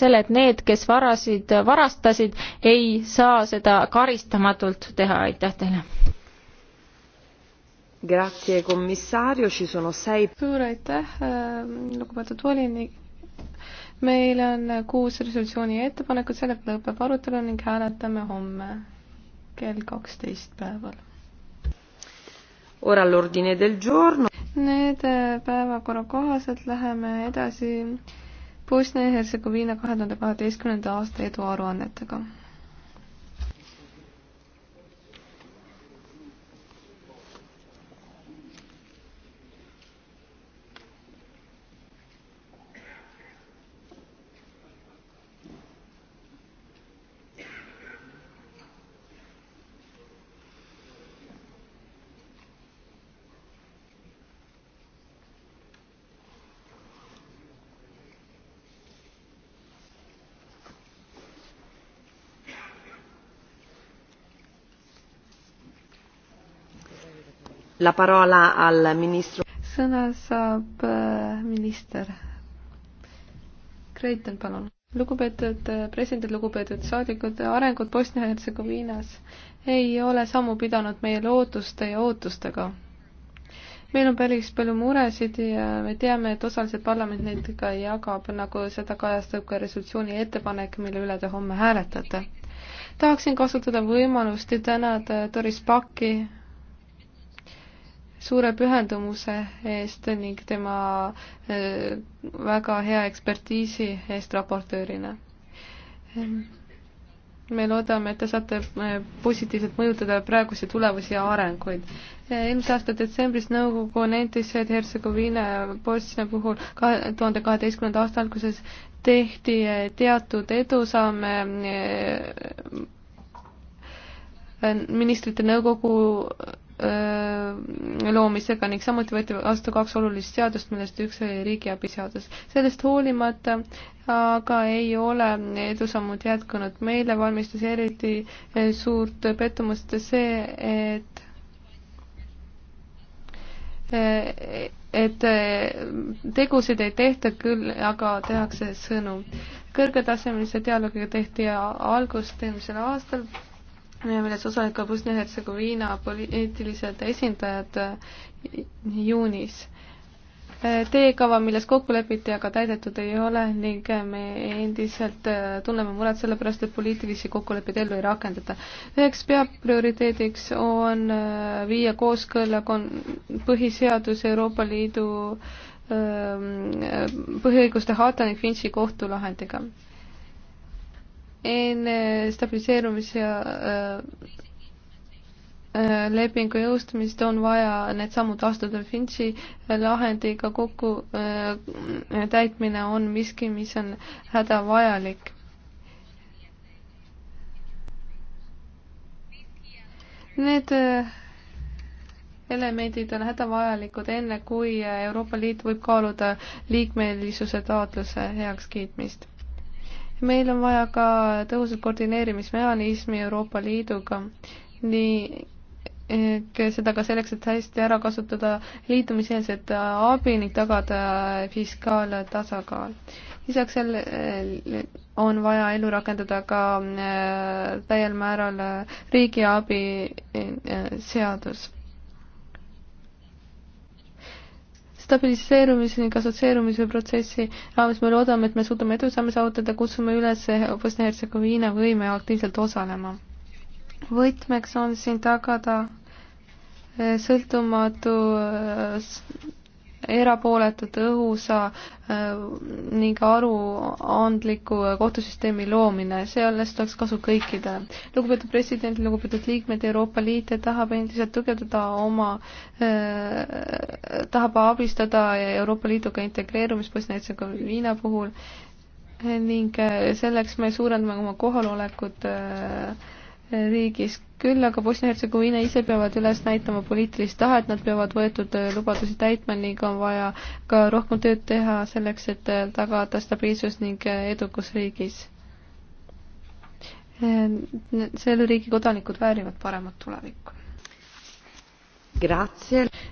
selle, et need, kes varasid, varastasid, ei saa seda karistamatult teha, aitäh teile. Grazie commissario, ci sono sei. suur aitäh, äh, lugupeetud volinik. meil on kuus resolutsiooni ettepanekut, sellega lõpeb arutelu ning hääletame homme kell kaksteist päeval. Ora l'ordine del giorno. Need äh, päevakorra kohaselt läheme edasi Bosnia ja Hertsegoviina kahe tuhande kaheteistkümnenda aasta eduaruannetega. la parola al ministru. sõna saab äh, minister. Kreiton, palun. lugupeetud äh, president, lugupeetud saadikud, arengud Bosnia-Hertsegoviinas ei ole sammu pidanud meie lootuste ja ootustega meil on päris palju muresid ja me teame, et osaliselt parlament neid ka jagab, nagu seda kajastab ka resolutsiooni ettepanek, mille üle te homme hääletate. tahaksin kasutada võimalust ja tänada Doris Paki suure pühendumuse eest ning tema äh, väga hea ekspertiisi eest raportöörina. Ehm, me loodame, et te saate äh, positiivselt mõjutada praegusi tulevusi ja arenguid. Ehm, eelmise aasta detsembris nõukogu nentis, et Herzegoviina ja Bosnia puhul kahe tuhande kaheteistkümnenda aasta alguses tehti äh, teatud edusamme ministrite nõukogu loomisega ning samuti võeti vastu kaks olulist seadust, millest üks oli riigiabi seadus. sellest hoolimata aga ei ole edusammud jätkunud. meile valmistas eriti eh, suurt pettumust see, et eh, et eh, tegusid ei tehta küll, aga tehakse sõnu. kõrgetasemelise dialoogiga tehti algust eelmisel aastal milles osalevad ka Bosnia-Hertsegoviina poliitilised esindajad juunis. teekava, milles kokku lepiti, aga täidetud ei ole ning me endiselt äh, tunneme muret selle pärast, et poliitilisi kokkuleppeid ellu ei rakendata. üheks peaprioriteediks on äh, viia kooskõlla kon-, põhiseadus Euroopa Liidu ähm, äh, põhiõiguste harta ning Finchi kohtulahendiga enne eh, stabiliseerumis- ja äh, äh, lepingu jõustumist on vaja need sammud astuda. Finchi äh, lahendiga kokku täitmine on miski, mis on hädavajalik. Need elemendid on hädavajalikud enne, kui Euroopa Liit võib kaaluda liikmelisuse taotluse heakskiitmist meil on vaja ka tõhusat koordineerimismehhanismi Euroopa Liiduga, nii seda ka selleks, et hästi ära kasutada liitumiseelset abi ning tagada fiskaalne tasakaal. lisaks sellele eh, on vaja ellu rakendada ka eh, täiel määral riigiabi eh, seadus stabiliseerumise ning assotsieerumise protsessi raames me loodame, et me suudame edusamme saavutada, kutsume üles Bosnia-Hertsegoviina võime aktiivselt osalema. võtmeks on siin tagada eh, sõltumatu eh, erapooletu, tõhusa äh, ning aruandliku kohtusüsteemi loomine, sellest oleks kasu kõikidele. lugupeetud president, lugupeetud liikmed, Euroopa Liit tahab endiselt tugevdada oma eh,, tahab abistada Euroopa Liiduga integreerumist Bosnia-Hertsegoviina puhul ning äh, selleks me suurendame oma kohalolekut eh, riigis. küll aga Bosnia-Hertsegoviina ise peavad üles näitama poliitilist tahet, nad peavad võetud äh, lubadusi täitma ning on vaja ka rohkem tööd teha selleks, et äh, tagada stabiilsus ning äh, edukus riigis. selle riigi kodanikud väärivad paremat tulevikku.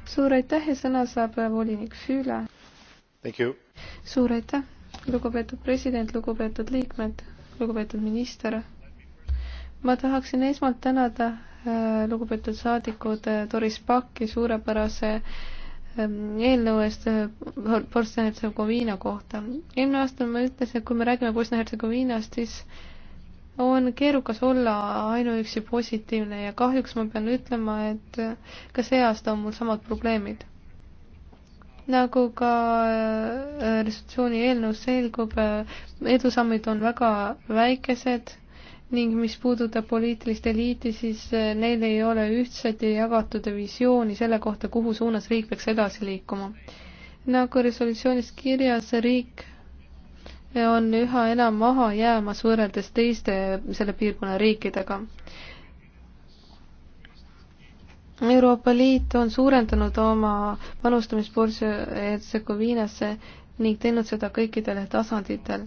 suur aitäh ja sõna saab volinik Füüle. suur aitäh, lugupeetud president, lugupeetud liikmed, lugupeetud minister ma tahaksin esmalt tänada äh, lugupeetud saadikud äh, Doris Pakki suurepärase ähm, eelnõu eest äh, Bosnia-Hertsegoviina kohta. eelmine aasta ma ütlesin, et kui me räägime Bosnia-Hertsegoviinast, siis on keerukas olla ainuüksi positiivne ja kahjuks ma pean ütlema, et ka see aasta on mul samad probleemid. nagu ka resolutsiooni eelnõus selgub, edusammid on väga väikesed ning mis puudutab poliitilist eliiti, siis eh, neil ei ole ühtset ja jagatud visiooni selle kohta, kuhu suunas riik peaks edasi liikuma. nagu resolutsioonis kirjas, riik eh, on üha enam maha jäämas võrreldes teiste eh, selle piirkonna riikidega. Euroopa Liit on suurendanud oma panustamist Bosnia-Hertsegoviinasse ning teinud seda kõikidel tasanditel.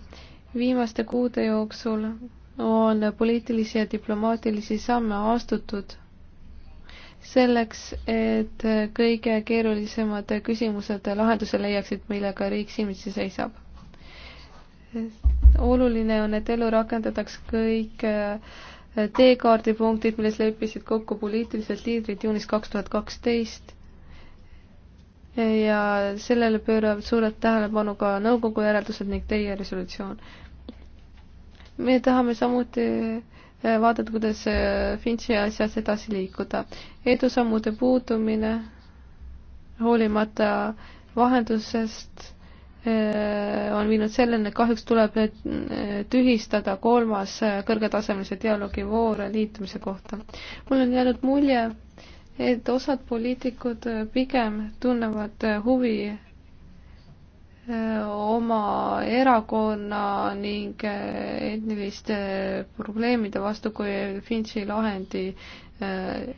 viimaste kuude jooksul on poliitilisi ja diplomaatilisi samme astutud selleks, et kõige keerulisemad küsimused lahenduse leiaksid, millega riik silmitsi seisab. oluline on, et elu rakendataks kõik äh, teekaardipunktid, milles leppisid kokku poliitilised liidrid juunis kaks tuhat kaksteist ja sellele pööravad suured tähelepanu ka nõukogu järeldused ning teie resolutsioon me tahame samuti eh, vaadata, kuidas eh, Finchi asjas edasi liikuda. edusammude puudumine hoolimata vahendusest eh, on viinud selleni, et kahjuks tuleb tühistada kolmas kõrgetasemelise dialoogi voor liitumise kohta. mul on jäänud mulje, et osad poliitikud pigem tunnevad huvi oma erakonna ning eh, etniliste probleemide vastu, kui Finchi lahendi eh,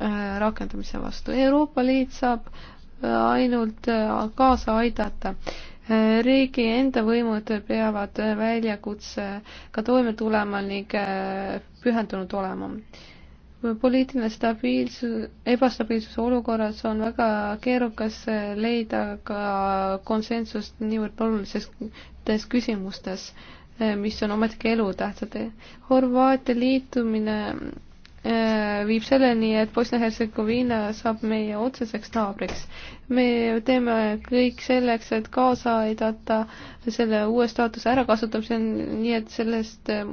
eh, rakendamise vastu. Euroopa Liit saab ainult kaasa aidata. riigi enda võimud peavad väljakutsega toime tulema ning pühendunud olema poliitiline stabiilsus, ebastabiilsuse olukorras on väga keerukas leida ka konsensust niivõrd olulistes küsimustes, mis on ometigi elutähtsad. Horvaatia liitumine äh, viib selleni, et Bosnia-Hertsegoviina saab meie otseseks naabriks. me teeme kõik selleks, et kaasa aidata selle uue staatuse ärakasutamisel, nii et sellest äh,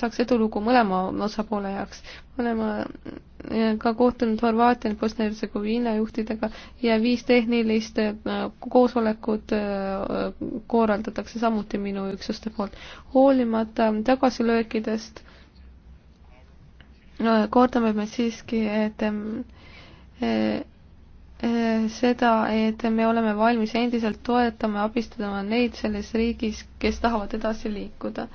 saaks edulugu mõlema osapoole jaoks. me oleme eh, ka kohtunud Horvaatia ja Bosnia-Hertsegoviina juhtidega ja viis tehnilist eh, koosolekut eh, korraldatakse samuti minu üksuste poolt. hoolimata tagasilöökidest no, kordame me siiski, et seda, et me oleme valmis endiselt toetama ja abistama neid selles riigis, kes tahavad edasi liikuda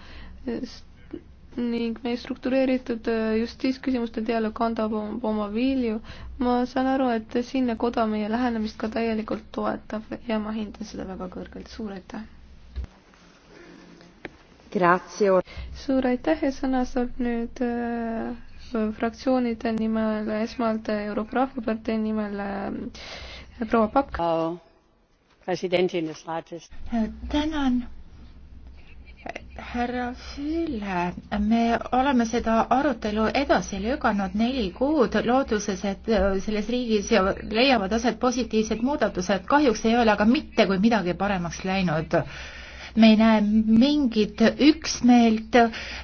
ning meie struktureeritud äh, justiitsküsimuste dialoog kandab oma vilju. ma saan aru, et siinne koda meie lähenemist ka täielikult toetab ja ma hindan seda väga kõrgelt, suur aitäh! suur aitäh ja sõna saab nüüd äh, fraktsioonide nimel, esmalt Euroopa Rahvapartei nimel äh, proua Pakk. Äh, tänan härra Füüle, me oleme seda arutelu edasi lükanud neli kuud looduses, et äh, selles riigis leiavad aset positiivsed muudatused, kahjuks ei ole aga mitte kui midagi paremaks läinud. me ei näe mingit üksmeelt,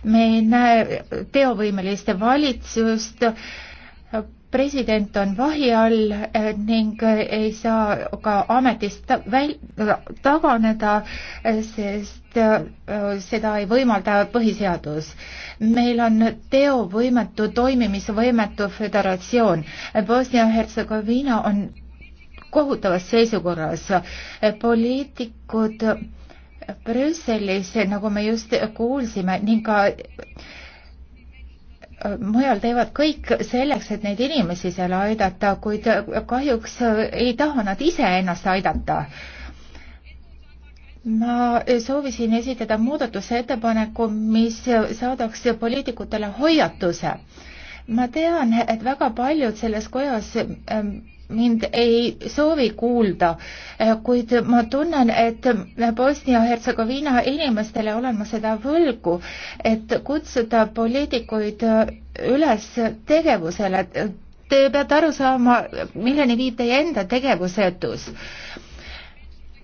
me ei näe teovõimelist valitsust president on vahi all eh, ning eh, ei saa ka ametist väl-, taganeda, eh, sest seda ei võimalda põhiseadus. meil on teovõimetu, toimimisvõimetu föderatsioon. Bosnia-Hertsegoviina on kohutavas seisukorras. poliitikud Brüsselis, nagu me just kuulsime, ning ka mujal teevad kõik selleks, et neid inimesi seal aidata, kuid kahjuks ei taha nad ise ennast aidata. ma soovisin esitada muudatusettepaneku, mis saadaks poliitikutele hoiatuse. ma tean, et väga paljud selles kojas ähm, mind ei soovi kuulda, eh, kuid ma tunnen, et Bosnia-Hertsegoviina inimestele olen ma seda võlgu, et kutsuda poliitikuid eh, üles tegevusele. Te peate aru saama, milleni viib teie enda tegevusetus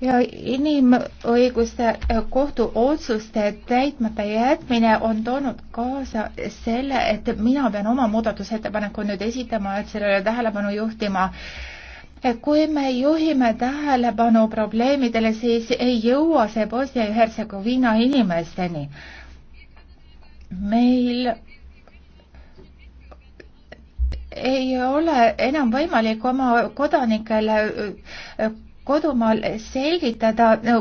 ja inimõiguste kohtuotsuste täitmata jätmine on toonud kaasa selle, et mina pean oma muudatusettepaneku nüüd esitama, et sellele tähelepanu juhtima. kui me juhime tähelepanu probleemidele, siis ei jõua see Bosnia ja Hertsegoviina inimesteni. meil ei ole enam võimalik oma kodanikele kodumaal selgitada no,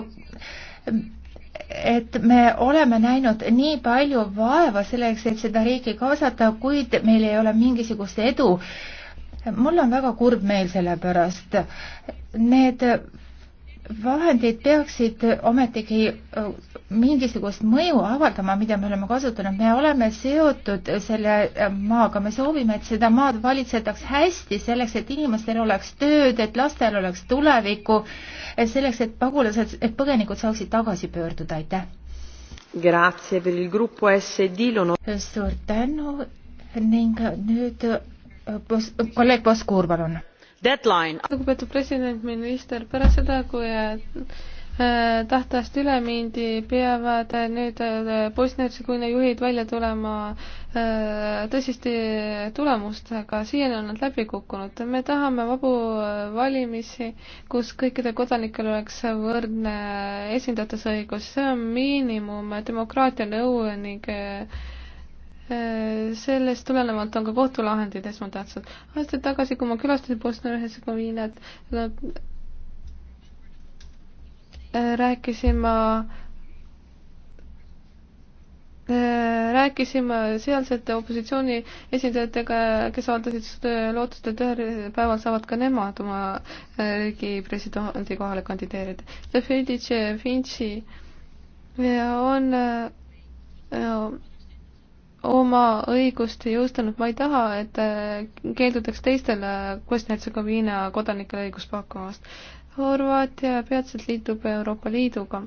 et me oleme näinud nii palju vaeva selleks, et seda riiki kaasata, kuid meil ei ole mingisugust edu. mul on väga kurb meel selle pärast. Need vahendid peaksid ometigi mingisugust mõju avaldama, mida me oleme kasutanud, me oleme seotud selle maaga, me soovime, et seda maad valitsetaks hästi, selleks et inimestel oleks tööd, et lastel oleks tulevikku, selleks et pagulased, et põgenikud saaksid tagasi pöörduda, aitäh! suur tänu ning nüüd kolleeg Poskuur, palun! deadline. lugupeetud president, minister, pärast seda, kui tähtajast üle mindi, peavad äh, nüüd äh, Bosnia-Hertsegoviina juhid välja tulema äh, tõsiste tulemustega, siiani on nad läbi kukkunud. me tahame vabu valimisi, kus kõikidel kodanikel oleks võrdne esindatusõigus, see on miinimum demokraatia nõu ning Äh, sellest tulenevalt on ka kohtulahendid esmatähtsad. aastaid tagasi, kui ma külastasin Bosnia-Hertsegoviinat, äh, rääkisin ma äh, rääkisime sealsete opositsiooni esindajatega, kes avaldasid lootust, et ühel päeval saavad ka nemad oma riigi presidendi kohale kandideerida. Feditš Finši on, on oma õigust jõustanud, ma ei taha, et äh, keeldutaks teistele äh, Bosnia-Hertsegoviina kodanikele õigust pakkumast. Horvaatia peatselt liitub Euroopa Liiduga.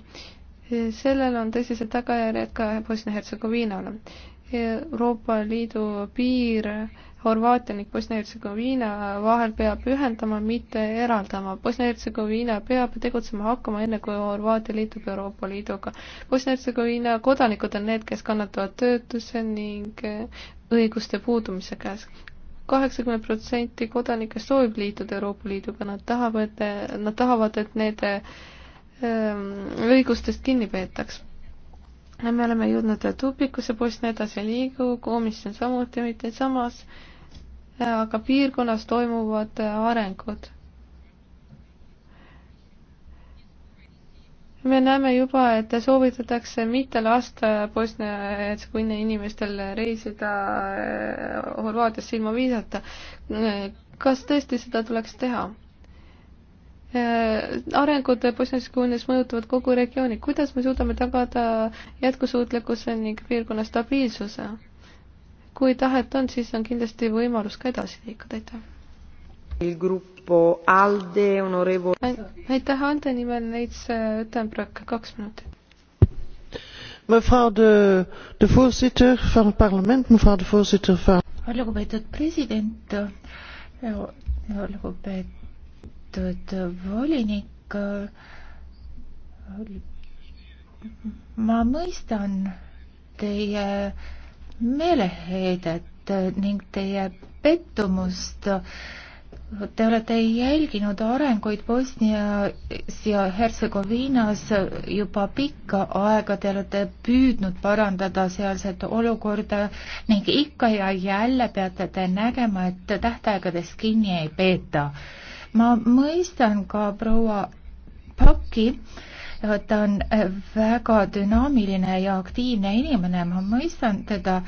sellel on tõsised tagajärjed ka Bosnia-Hertsegoviinale. Euroopa Liidu piir Horvaatia ning Bosnia-Hertsegoviina vahel peab ühendama, mitte eraldama. Bosnia-Hertsegoviina peab tegutsema hakkama, enne kui Horvaatia liitub Euroopa Liiduga. Bosnia-Hertsegoviina kodanikud on need, kes kannatavad töötuse ning eh, õiguste puudumise käes. kaheksakümmend protsenti kodanikest soovib liituda Euroopa Liiduga, nad tahavad, nad tahavad, et need ehm, õigustest kinni peetaks me oleme jõudnud tupikusse, poiss nii edasi ei liigu, komisjon samuti mitte, samas aga piirkonnas toimuvad arengud. me näeme juba, et soovitatakse mitte lasta Bosnia-Hertsegoviina inimestel reisida eh, Horvaatiasse ilma viisata. kas tõesti seda tuleks teha? Eh, arengud Bosnia-Hertsegoonias mõjutavad kogu regiooni, kuidas me suudame tagada jätkusuutlikkuse ning piirkonna stabiilsuse? kui tahet on, siis on kindlasti võimalus ka edasi liikuda, aitäh. aitäh, Alde nimel Neits äh, Ütenbrock, kaks minutit. mevrouw de, de voorzitter van het parlement, mevrouw de voorzitter van. lugupeetud president, äh, lugupeetud volinik äh, ma mõistan teie meeleheidet ning teie pettumust. Te olete jälginud arenguid Bosnias ja Hertsegoviinas juba pikka aega, te olete püüdnud parandada sealset olukorda ning ikka ja jälle peate te nägema, et tähtaegadest kinni ei peeta. ma mõistan ka proua Paki äh, ta on äh, väga dünaamiline ja aktiivne inimene, ma mõistan teda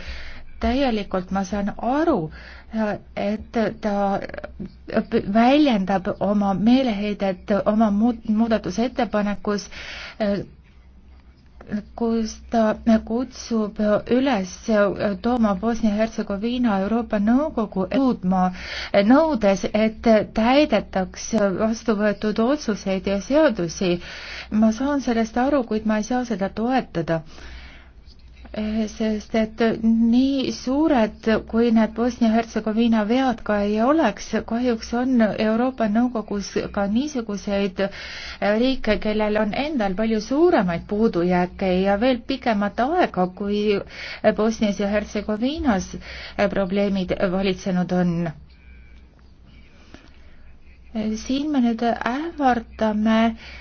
täielikult, ma saan aru, äh, et ta äh, väljendab oma meeleheidet oma muud-, muudatusettepanekus kus ta kutsub üles tooma Bosnia-Hertsegoviina Euroopa Nõukogu jõudma nõudes, et täidetaks vastu võetud otsuseid ja seadusi. ma saan sellest aru, kuid ma ei saa seda toetada Eh, sest et nii suured, kui need Bosnia-Hertsegoviina vead ka ei oleks, kahjuks on Euroopa Nõukogus ka niisuguseid eh, riike, kellel on endal palju suuremaid puudujääke ja veel pikemat aega, kui eh, Bosnias ja Hertsegoviinas probleemid valitsenud on siin me nüüd ähvardame äh,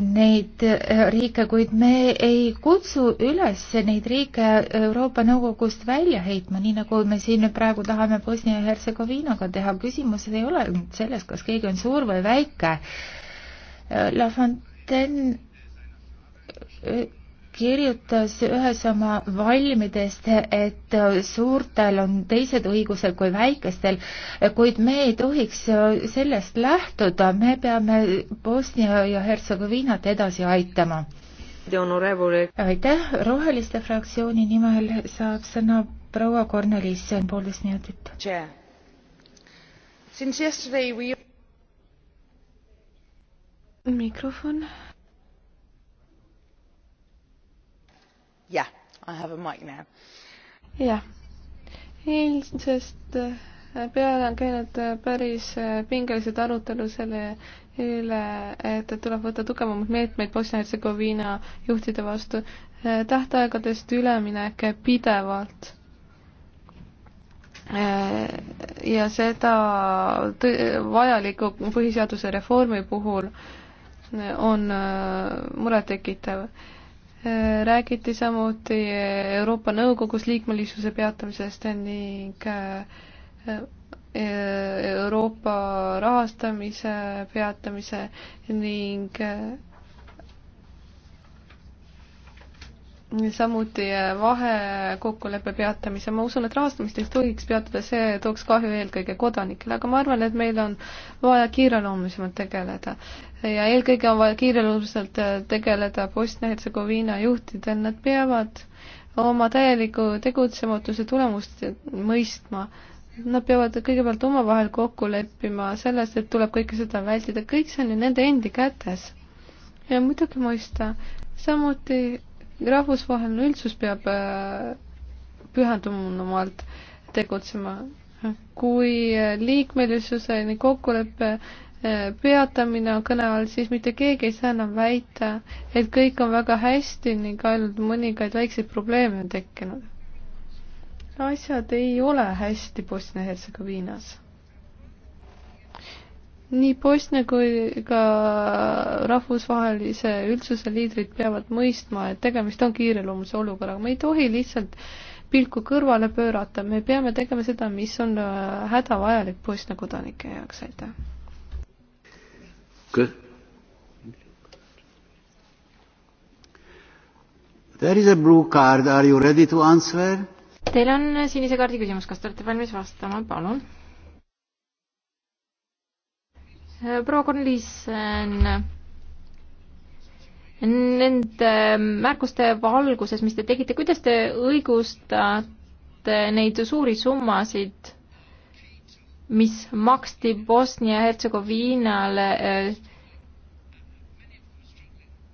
neid äh, riike, kuid me ei kutsu üles neid riike Euroopa Nõukogust välja heitma, nii nagu me siin nüüd praegu tahame Bosnia ja Hertsegoviinaga teha. küsimus ei ole selles, kas keegi on suur või väike. Äh, La Fontaine äh, kirjutas ühes oma valmidest, et suurtel on teised õigused kui väikestel, kuid me ei tohiks sellest lähtuda, me peame Bosnia ja Hertsegoviinat edasi aitama. aitäh, Roheliste fraktsiooni nimel saab sõna proua Kornelissen, poolteist minutit. mikrofon jah yeah,, yeah. eilsest äh, peale on käinud äh, päris äh, pingelised arutelu selle üle, et tuleb võtta tugevamaid meetmeid Bosnia-Hertsegoviina juhtide vastu. tähtaegadest üleminek pidevalt. ja seda vajaliku põhiseaduse reformi puhul on murettekitav räägiti samuti Euroopa Nõukogus liikmelisuse peatamisest ning äh, äh, Euroopa rahastamise peatamise ning äh, samuti äh, vahekokkuleppe peatamise, ma usun, et rahastamist ei tohiks peatada, see tooks kahju eelkõige kodanikele, aga ma arvan, et meil on vaja kiireloomulisemalt tegeleda. ja eelkõige on vaja kiireloomuliselt äh, tegeleda Bosnia-Hertsegoviina juhtidel, nad peavad oma täieliku tegutsematuse tulemust mõistma. Nad peavad kõigepealt omavahel kokku leppima selles, et tuleb kõike seda vältida, kõik see on ju nende endi kätes. ja muidugi mõista, samuti rahvusvaheline üldsus peab äh, pühendumalt tegutsema. kui liikmelisuse kokkuleppe äh, peatamine on kõne all, siis mitte keegi ei saa enam väita, et kõik on väga hästi ning ainult mõningaid väikseid probleeme on tekkinud. asjad ei ole hästi Bosnia-Hertsegoviinas nii Bosnia kui ka rahvusvahelise üldsuse liidrid peavad mõistma, et tegemist on kiireloomulise olukorraga, me ei tohi lihtsalt pilku kõrvale pöörata, me peame tegema seda, mis on äh, hädavajalik Bosnia kodanike jaoks, aitäh. There is a blue card, are you ready to answer? Teil on sinise kaardi küsimus, kas te olete valmis vastama, palun proua Korneliisen, nende märkuste valguses, mis te tegite, kuidas te õigustate neid suuri summasid, mis maksti Bosnia-Hertsegoviinale eh,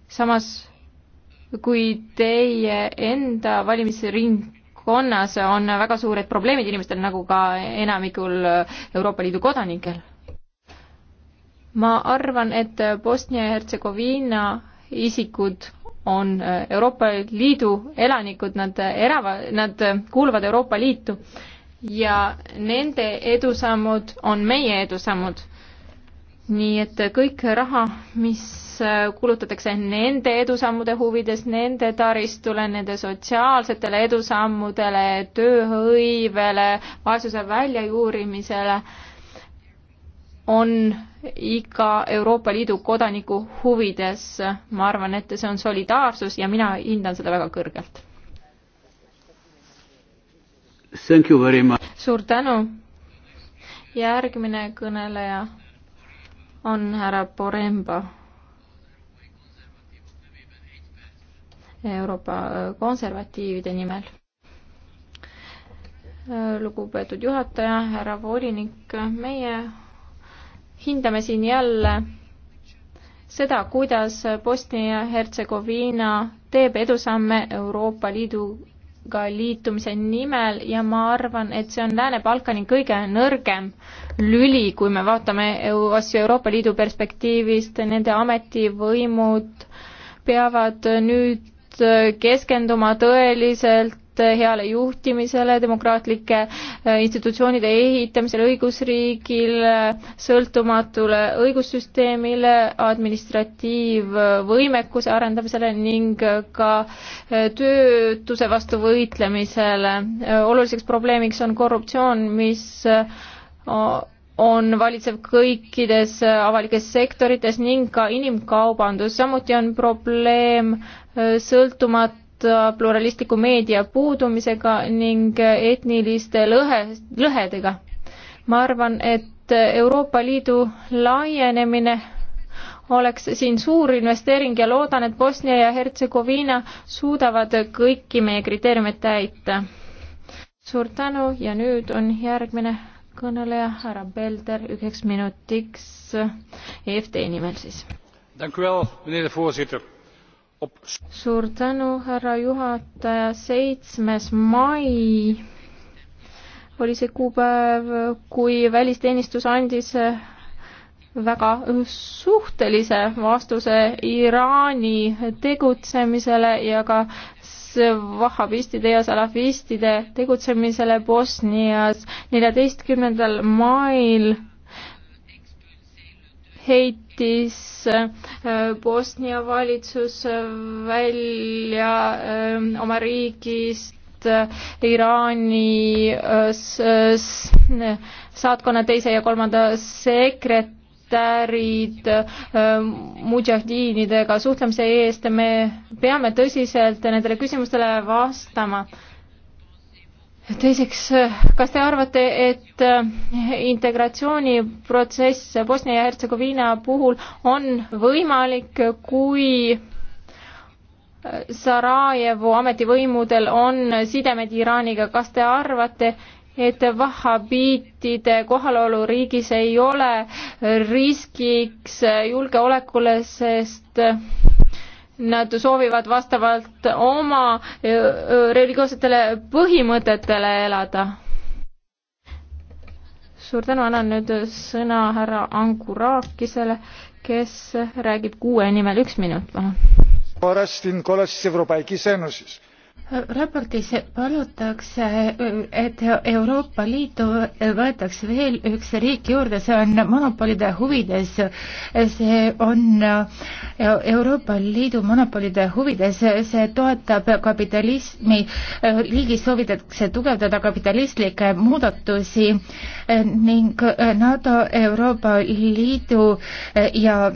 samas kui teie enda valimisringkonnas on väga suured probleemid inimestel, nagu ka enamikul Euroopa Liidu kodanikel ma arvan, et Bosnia ja Hertsegoviina isikud on äh, Euroopa Liidu elanikud, nad äh, elavad, nad äh, kuuluvad Euroopa Liitu ja nende edusammud on meie edusammud. nii et kõik raha, mis kulutatakse nende edusammude huvides, nende taristule, nende sotsiaalsetele edusammudele, tööhõivele, vaesuse väljajuurimisele, on iga Euroopa Liidu kodaniku huvides. ma arvan, et see on solidaarsus ja mina hindan seda väga kõrgelt. suur tänu. järgmine kõneleja on härra Poremba. Euroopa konservatiivide nimel. lugupeetud juhataja, härra volinik, meie hindame siin jälle seda, kuidas Bosnia-Hertsegoviina teeb edusamme Euroopa Liiduga liitumise nimel ja ma arvan, et see on Lääne-Balkani kõige nõrgem lüli, kui me vaatame asju Euroopa Liidu perspektiivist, nende ametivõimud peavad nüüd keskenduma tõeliselt heale juhtimisele, demokraatlike äh, institutsioonide ehitamisele, õigusriigile, sõltumatule õigussüsteemile, administratiivvõimekuse arendamisele ning ka äh, töötuse vastu võitlemisele. Äh, oluliseks probleemiks on korruptsioon, mis on valitsev kõikides avalikes sektorites ning ka inimkaubandus, samuti on probleem sõltumat-, Äh, pluralistliku meedia puudumisega ning äh, etniliste lõhe, lõhedega. ma arvan, et äh, Euroopa Liidu laienemine oleks siin suur investeering ja loodan, et Bosnia ja Hertsegoviina suudavad kõiki meie kriteeriumeid täita. suur tänu ja nüüd on järgmine kõneleja, härra Belder, üheks minutiks EFT nimel siis. tänan, härra juhataja suur tänu, härra juhataja, seitsmes mai oli see kuupäev, kui välisteenistus andis väga suhtelise vastuse Iraani tegutsemisele ja ka vahhabistide ja salafistide tegutsemisele Bosnias neljateistkümnendal mail heit-, jättis äh, Bosnia valitsus välja ähm, oma riigist äh, Iraani äh, saatkonna teise ja kolmanda sekretärid ähm, mudžahdiinidega suhtlemise eest, me peame tõsiselt nendele küsimustele vastama teiseks, kas te arvate, et äh, integratsiooniprotsess Bosnia ja Hertsegoviina puhul on võimalik, kui äh, Sarajevo ametivõimudel on sidemed Iraaniga, kas te arvate, et vahhabiitide kohalolu riigis ei ole riskiks julgeolekule, sest äh, nad soovivad vastavalt oma religioossetele põhimõtetele elada. suur tänu, annan nüüd sõna härra Angurakisele, kes räägib kuue nimel, üks minut palun raportis palutakse, et Euroopa Liitu võetakse veel üks riik juurde, see on monopolide huvides. see on Euroopa Liidu monopolide huvides, see toetab kapitalismi, riigis soovitakse tugevdada kapitalistlikke muudatusi ning NATO, Euroopa Liidu ja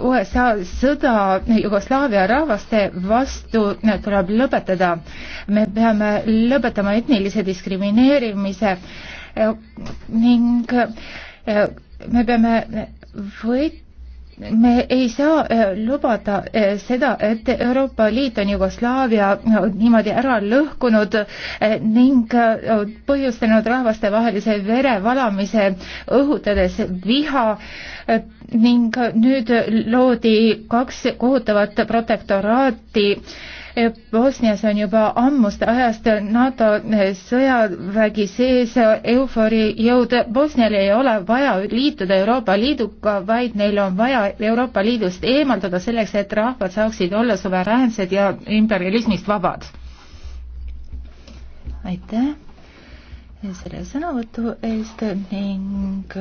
USA sõda Jugoslaavia rahvaste vastu tuleb lõpetada tegutseda. me peame lõpetama etnilise diskrimineerimise äh, ning äh, me peame võit-, me ei saa äh, lubada seda, et Euroopa Liit on Jugoslaavia niimoodi ära lõhkunud ning põhjustanud rahvastevahelise verevalamise, õhutades viha ning nüüd loodi kaks kohutavat protektoraati Bosnias on juba ammust ajast NATO sõjavägi sees, eufori jõud, Bosnial ei ole vaja liituda Euroopa Liiduga, vaid neil on vaja Euroopa Liidust eemaldada selleks, et rahvad saaksid olla suveräänsed ja imperialismist vabad. aitäh selle sõnavõtu eest ning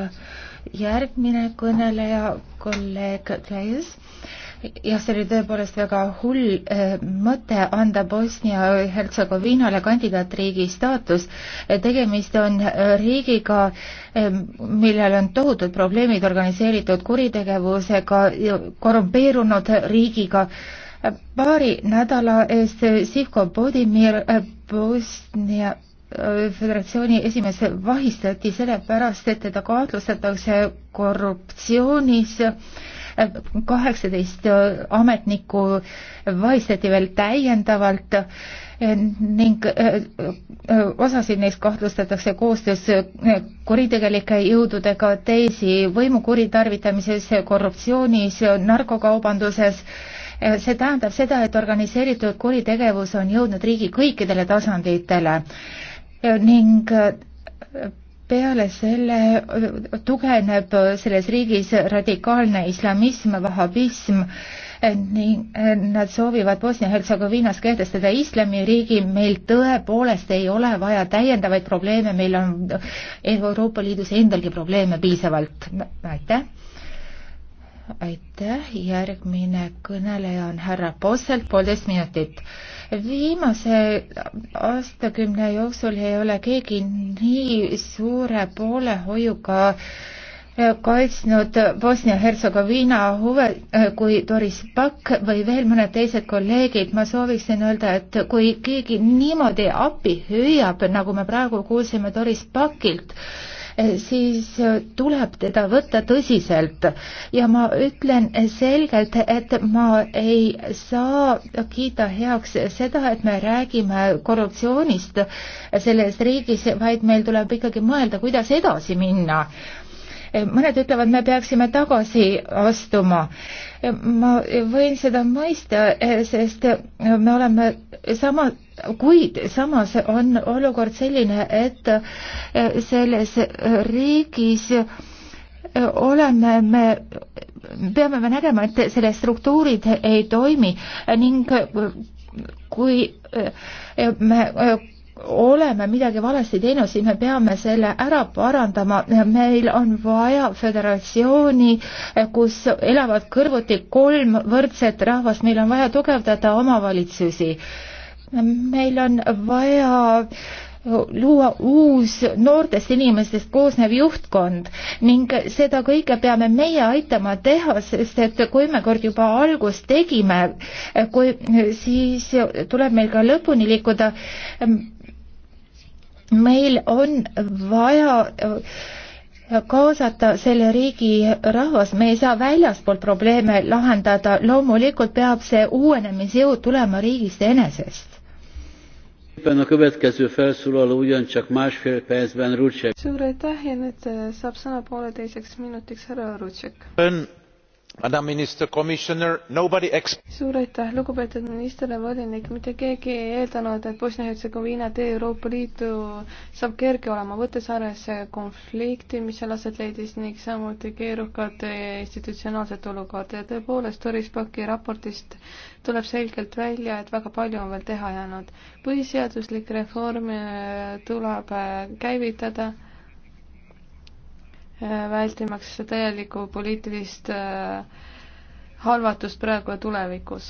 järgmine kõneleja, kolleeg Täis jah, see oli tõepoolest väga hull eh, mõte anda Bosnia-Hertsegoviinale kandidaatriigi staatus. Eh, tegemist on eh, riigiga, millel on tohutud probleemid organiseeritud kuritegevusega, korrumpeerunud riigiga. paari nädala eest Sivko Bodimir Bosnia Föderatsiooni esimees vahistati sellepärast, et teda kahtlustatakse korruptsioonis äh, kaheksateist ametnikku vahistati veel täiendavalt eh, ning eh, eh, osasid neist kahtlustatakse koostöös kuritegelike jõududega teisi võimu kuritarvitamises, korruptsioonis, narkokaubanduses. see tähendab seda, et organiseeritud kuritegevus on jõudnud riigi kõikidele tasanditele ning peale selle äh, tugevneb äh, selles riigis radikaalne islamism, vahabism äh, ning nad soovivad Bosnia-Hertsegoviinas kehtestada islamiriigi, meil tõepoolest ei ole vaja täiendavaid probleeme, meil on Euroopa Liidus endalgi probleeme piisavalt. aitäh! aitäh, järgmine kõneleja on härra Posselt, poolteist minutit. viimase aastakümne jooksul ei ole keegi nii suure poolehoiuga kaitsnud Bosnia-Hertsegoviina huve kui Doris Pakk või veel mõned teised kolleegid, ma sooviksin öelda, et kui keegi niimoodi appi hüüab, nagu me praegu kuulsime Doris Pakilt, Eh, siis eh, tuleb teda võtta tõsiselt. ja ma ütlen eh, selgelt, et ma ei saa kiita heaks seda, et me räägime korruptsioonist selles riigis, vaid meil tuleb ikkagi mõelda, kuidas edasi minna mõned ütlevad, me peaksime tagasi astuma. ma võin seda mõista, eh, sest eh, me oleme sama, kuid samas on olukord selline, et eh, selles riigis oleme me peame me nägema, et selles struktuurid ei toimi ning kui me oleme midagi valesti teinud, siis me peame selle ära parandama. meil on vaja föderatsiooni, kus elavad kõrvuti kolm võrdset rahvast, meil on vaja tugevdada omavalitsusi. meil on vaja luua uus noortest inimestest koosnev juhtkond ning seda kõike peame meie aitama teha, sest et kui me kord juba algust tegime, kui siis tuleb meil ka lõpuni liikuda meil on vaja äh, kaasata selle riigi rahvas, me ei saa väljaspoolt probleeme lahendada, loomulikult peab see uuenemisjõud tulema riigist enesest. suur aitäh ja nüüd äh, saab sõna pooleteiseks minutiks härra Rutšek suur aitäh lugupeetud minister ja volinik mitte keegi ei eeldanud et bosnia hertsegoviina tee euroopa liitu saab kerge olema võttes arvesse konflikti mis seal aset leidis ning samuti keerukat institutsionaalset olukorda ja tõepoolest doris packi raportist tuleb selgelt välja et väga palju on veel teha jäänud põhiseaduslik reform äh, tuleb äh, käivitada Äh, vältimaks täielikku poliitilist äh, halvatust praegu ja tulevikus.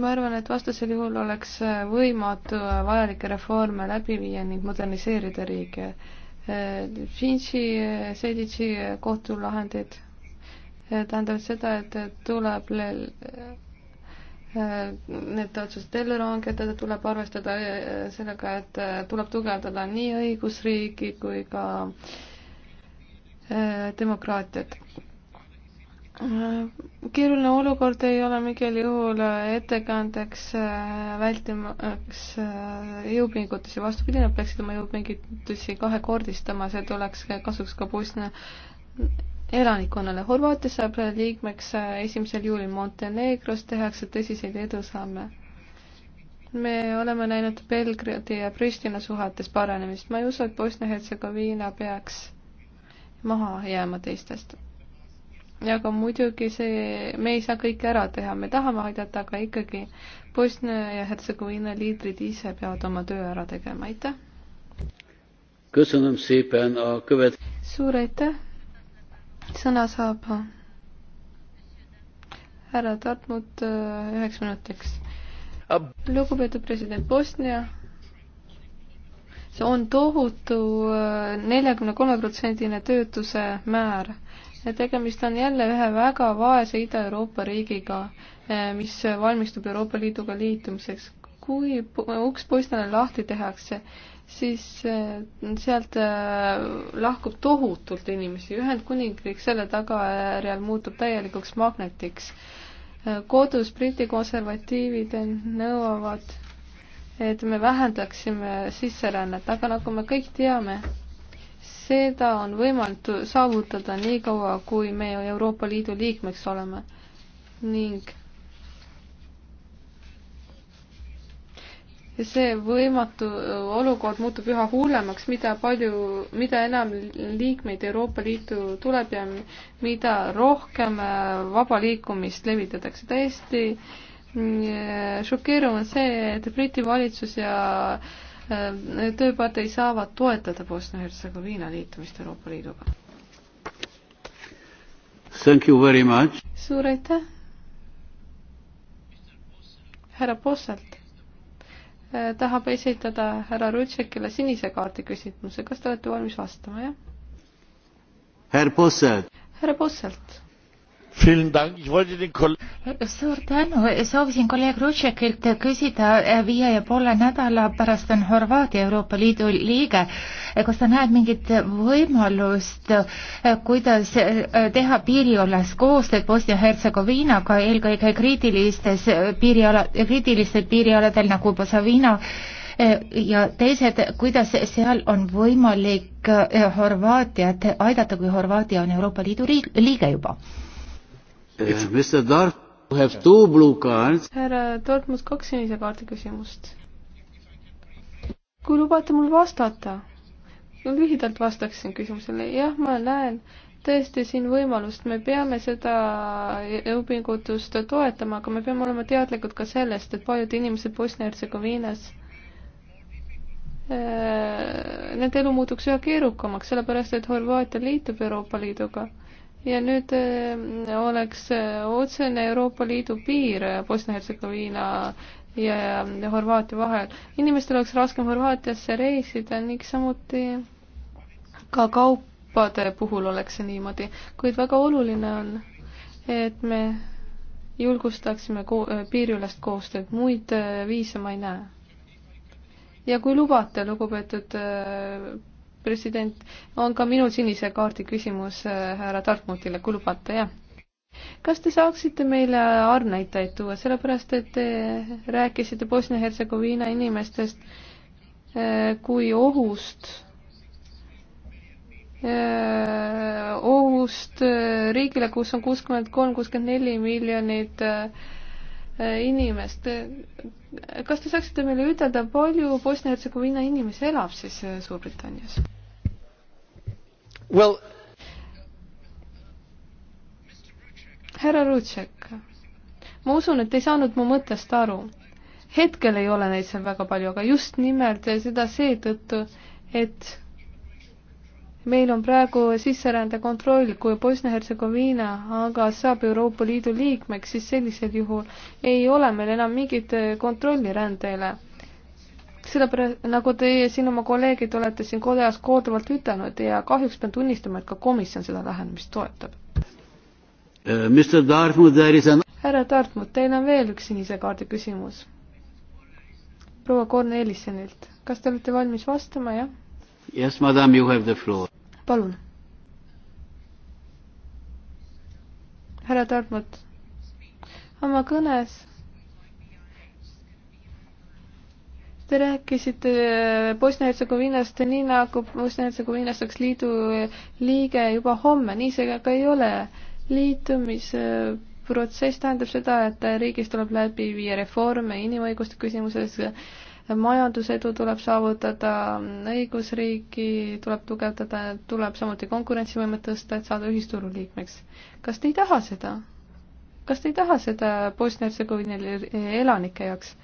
ma arvan, et vastasel juhul oleks äh, võimatu vajalikke reforme läbi viia ning moderniseerida riike. Finchi, Sedici kohtulahendid tähendavad seda, et tuleb need otsused ellu langetada, tuleb arvestada eh, sellega, et eh, tuleb tugevdada nii õigusriigi kui ka eh, demokraatiat. keeruline olukord ei ole mingil juhul ettekäändeks vältimaks jõupingutusi, vastupidi, nad peaksid oma jõupingutusi kahekordistama, see tuleks kasuks ka Bosnia elanikkonnale. Horvaatia saab liikmeks äh, esimesel juulil Montenegros, tehakse tõsiseid edusamme. me oleme näinud Belgradi ja Pristina suhetes paranemist, ma ei usu, et Bosnia-Hertsegoviina peaks maha jääma teistest. ja ka muidugi see, me ei saa kõike ära teha, me tahame aidata, aga ikkagi Bosnia ja Hertsegoviina liidrid ise peavad oma töö ära tegema, aitäh! suur aitäh sõna saab härra Tartmut äh, üheks minutiks. lugupeetud president Bosnia, see on tohutu äh, neljakümne kolme protsendine töötuse määr ja tegemist on jälle ühe väga vaese Ida-Euroopa riigiga, äh, mis valmistub Euroopa Liiduga liitumiseks. kui uks Bosniale lahti tehakse, siis eh, sealt eh, lahkub tohutult inimesi. Ühendkuningriik selle tagajärjel muutub täielikuks magnetiks. Eh, kodus Briti konservatiivid nõuavad, et me vähendaksime sisserännet, aga nagu me kõik teame, seda on võimalik saavutada nii kaua, kui me Euroopa Liidu liikmeks oleme ning ja see võimatu äh, olukord muutub üha hullemaks, mida palju, mida enam liikmeid Euroopa Liitu tuleb ja mida rohkem äh, vaba liikumist levitatakse. täiesti äh, šokeeruv on see, et Briti valitsus ja tööpartei saavad toetada Bosnia-Hertsegoviina liitumist Euroopa Liiduga. suur aitäh! härra Posselt Äh, tahab esitada härra Rutšekile sinise kaardi küsimuse, kas te olete valmis vastama, jah? härra Posselt. härra Posselt suur tänu, soovisin kolleeg Rutšekilt küsida, äh, viie ja poole nädala pärast on Horvaatia Euroopa Liidu liige. kas sa näed mingit võimalust, äh, kuidas äh, teha piirialas koostööd Bosnia-Hertsegoviinaga, eelkõige kriitilistes piiriala, kriitilistel piirialadel nagu Bosavina ja teised, kuidas seal on võimalik Horvaatiat aidata, kui Horvaatia on Euroopa Liidu riik, liige juba? Äh, Mr Dart, you have two blue cards. härra Dortmund, kaks sinise kaardi küsimust. kui lubate mul vastata, lühidalt vastaksin küsimusele, jah, ma näen tõesti siin võimalust, me peame seda jõupingutust toetama, aga me peame olema teadlikud ka sellest, et paljud inimesed Bosnia-Hertsegoviinas äh, Nende elu muutuks üha keerukamaks, sellepärast et Horvaatia liitub Euroopa Liiduga ja nüüd äh, oleks äh, otsene Euroopa Liidu piir äh, Bosnia-Hertsegoviina ja Horvaatia vahel. inimestel oleks raskem Horvaatiasse reisida ning samuti ka kaupade puhul oleks see niimoodi, kuid väga oluline on, et me julgustaksime ko piiriülest koostööd, muid viise ma ei näe. ja kui lubate, lugupeetud president, on ka minul sinise kaardi küsimus äh, härra Tartmutile, kui lubate, jah. kas te saaksite meile arvnäitajaid tuua, sellepärast et te rääkisite Bosnia-Hertsegoviina inimestest äh, kui ohust, äh, ohust riigile, kus on kuuskümmend kolm, kuuskümmend neli miljonit äh, Äh, inimest. kas te saaksite meile ütelda, palju Bosnia-Hertsegoviina inimesi elab siis äh, Suurbritannias well.? härra Rutšek, ma usun, et ei saanud mu mõttest aru. hetkel ei ole neid seal väga palju, aga just nimelt seda seetõttu, et meil on praegu sisserände kontroll, kui Bosnia-Hertsegoviina aga saab Euroopa Liidu liikmeks, siis sellisel juhul ei ole meil enam mingit eh, kontrolli rände üle. sellepärast, nagu teie siin oma kolleegid olete siin kodas korduvalt ütelnud ja kahjuks pean tunnistama, et ka komisjon seda lähenemist toetab uh,. An... härra Dartmouth, teil on veel üks sinise kaardi küsimus. proua Kornelissonilt, kas te olete valmis vastama, jah? Yes, madam, you have the floor palun. härra Tarmot, oma kõnes Te rääkisite äh, Bosnia-Hertsegoviinast nii nagu Bosnia-Hertsegoviinast oleks liidu äh, liige juba homme, nii see aga ei ole. liitumisprotsess äh, tähendab seda, et riigis tuleb läbi viia reforme inimõiguste küsimuses, majandusedu tuleb saavutada, õigusriiki tuleb tugevdada, tuleb samuti konkurentsivõimet tõsta, et saada ühisturu liikmeks. kas te ei taha seda? kas te ei taha seda Bosnia-Hertsegoviina elanike jaoks?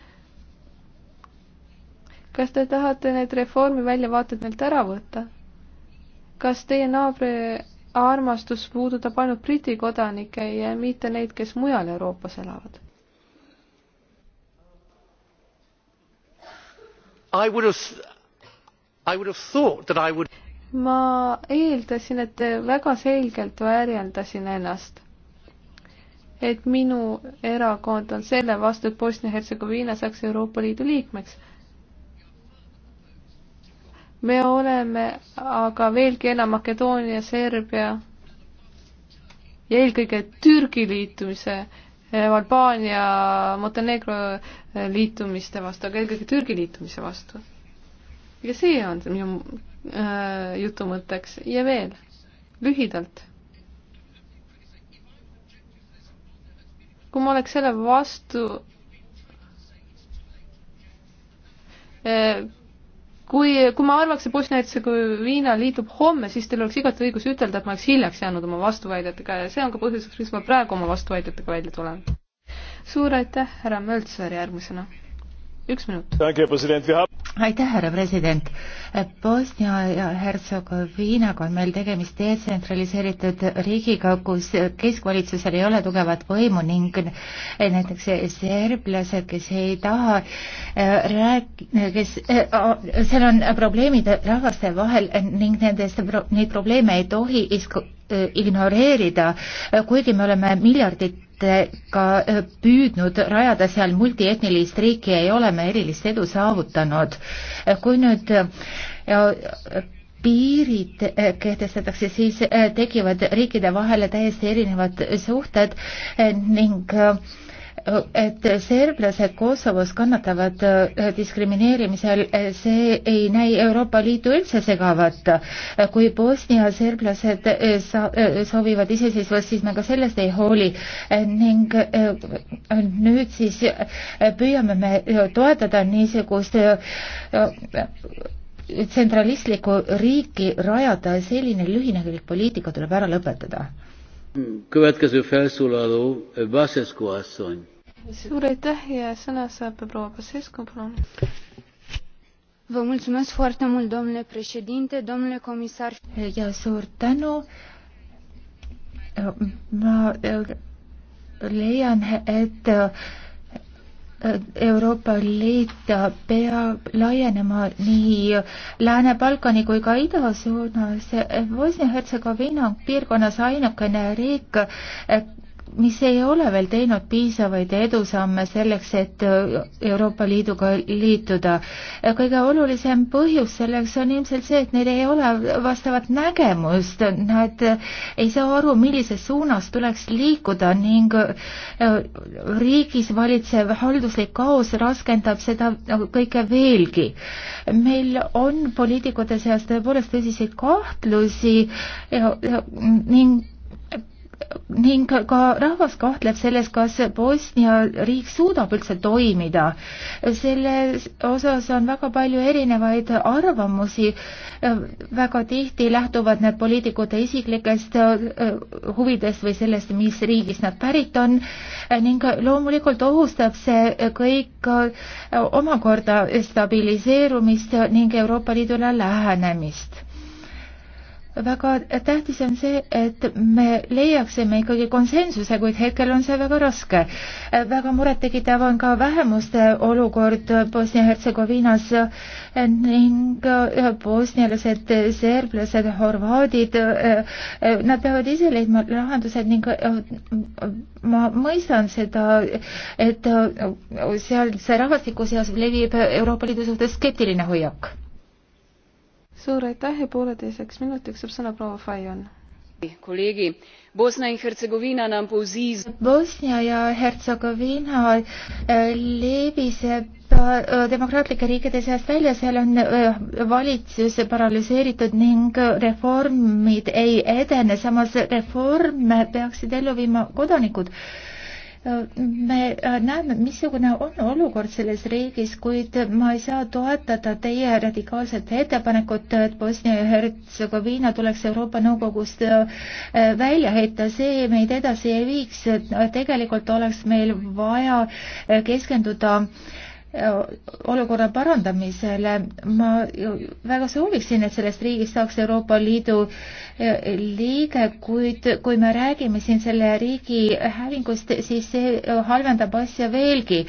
kas te tahate need reformi väljavaated neilt ära võtta? kas teie naabri armastus puudutab ainult Briti kodanikke ja mitte neid, kes mujal Euroopas elavad? Would... ma eeldasin, et väga selgelt väärjeldasin ennast, et minu erakond on selle vastu, et Bosnia-Hertsegoviina saaks Euroopa Liidu liikmeks me oleme aga veelgi enam Makedoonia, Serbia ja eelkõige Türgi liitumise Eh, Albaania, Montenegro eh, liitumiste vastu, aga eelkõige Türgi liitumise vastu. ja see on see minu äh, jutu mõtteks ja veel lühidalt. kui ma oleks selle vastu äh, kui, kui ma arvaks, et Bosnia-Hertsegoviina liitub homme, siis teil oleks igati õigus ütelda, et ma oleks hiljaks jäänud oma vastuväidetega ja see on ka põhjuseks, miks ma praegu oma vastuväidetega välja tulen. suur aitäh, härra Möltser järgmisena üks minut. aitäh, härra president. Bosnia ja Hertsegoviinaga on meil tegemist detsentraliseeritud riigiga, kus keskvalitsusel ei ole tugevat võimu ning näiteks serblased, kes ei taha äh, rääk-, kes, äh, seal on probleemid rahvaste vahel ning nendest, neid probleeme ei tohi isku, äh, ignoreerida, kuigi me oleme miljardit olete ka eh, püüdnud rajada seal multietnilist riiki, ei ole me erilist edu saavutanud. Eh, kui nüüd ja, eh, piirid kehtestatakse, siis tekivad riikide vahele täiesti erinevad suhted ning äh, et serblased Kosovos kannatavad äh, diskrimineerimisel, äh, see ei näi Euroopa Liitu üldse segavat. Äh, kui Bosnia serblased soovivad iseseisvust, siis me ka sellest ei hooli ning nüüd siis püüame me toetada niisugust tsentralistlikku riiki rajada, selline lühinägelik poliitika tuleb ära lõpetada. Következő felszólaló Basescu asszony suur aitäh ja sõna saab proua Pasescu, palun. Vă mulțumesc foarte mult, domnule președinte, domnule comisar. Ja suur tänu. Ma äh, leian, et äh, Euroopa Liit peab laienema nii Lääne-Balkani kui ka ida suunas. Bosnia-Hertsegoviina on piirkonnas ainukene riik, mis ei ole veel teinud piisavaid edusamme selleks, et äh, Euroopa Liiduga liituda. kõige olulisem põhjus selleks on ilmselt see, et neil ei ole vastavat nägemust, nad äh, ei saa aru, millises suunas tuleks liikuda ning äh, riigis valitsev halduslik kaos raskendab seda kõike veelgi. meil on poliitikute seas tõepoolest tõsiseid kahtlusi ja, ja, ning ning ka rahvas kahtleb selles, kas Bosnia riik suudab üldse toimida. selles osas on väga palju erinevaid arvamusi, väga tihti lähtuvad need poliitikute isiklikest äh, huvidest või sellest, mis riigist nad pärit on ning loomulikult ohustab see kõik äh, omakorda stabiliseerumist ning Euroopa Liidule lähenemist väga tähtis on see, et me leiaksime ikkagi konsensuse, kuid hetkel on see väga raske. väga murettekitav on ka vähemuste olukord Bosnia-Hertsegoviinas ning bosnialased, serblased, horvaadid, nad peavad ise leidma lahendused ning ma mõistan seda, et seal see rahvastiku seas levib Euroopa Liidu suhtes skeptiline hoiak suur aitäh ja pooleteiseks minutiks saab sõna proua Fajon kolegi bosna in hertsegoviina nam polzi bosnia ja hertsegoviina äh, leebiseb äh, demokraatlike riikide seast välja, seal on äh, valitsus paralüseeritud ning reformid ei edene, samas reforme peaksid ellu viima kodanikud me äh, näeme, missugune on olukord selles riigis, kuid ma ei saa toetada teie radikaalset ettepanekut, et Bosnia ja Hertsegoviina tuleks Euroopa Nõukogust äh, välja heita, see meid edasi ei viiks, tegelikult oleks meil vaja äh, keskenduda äh, olukorra parandamisele. ma väga sooviksin, et sellest riigist saaks Euroopa Liidu e, liige, kuid kui me räägime siin selle riigi hävingust, siis see halvendab asja veelgi.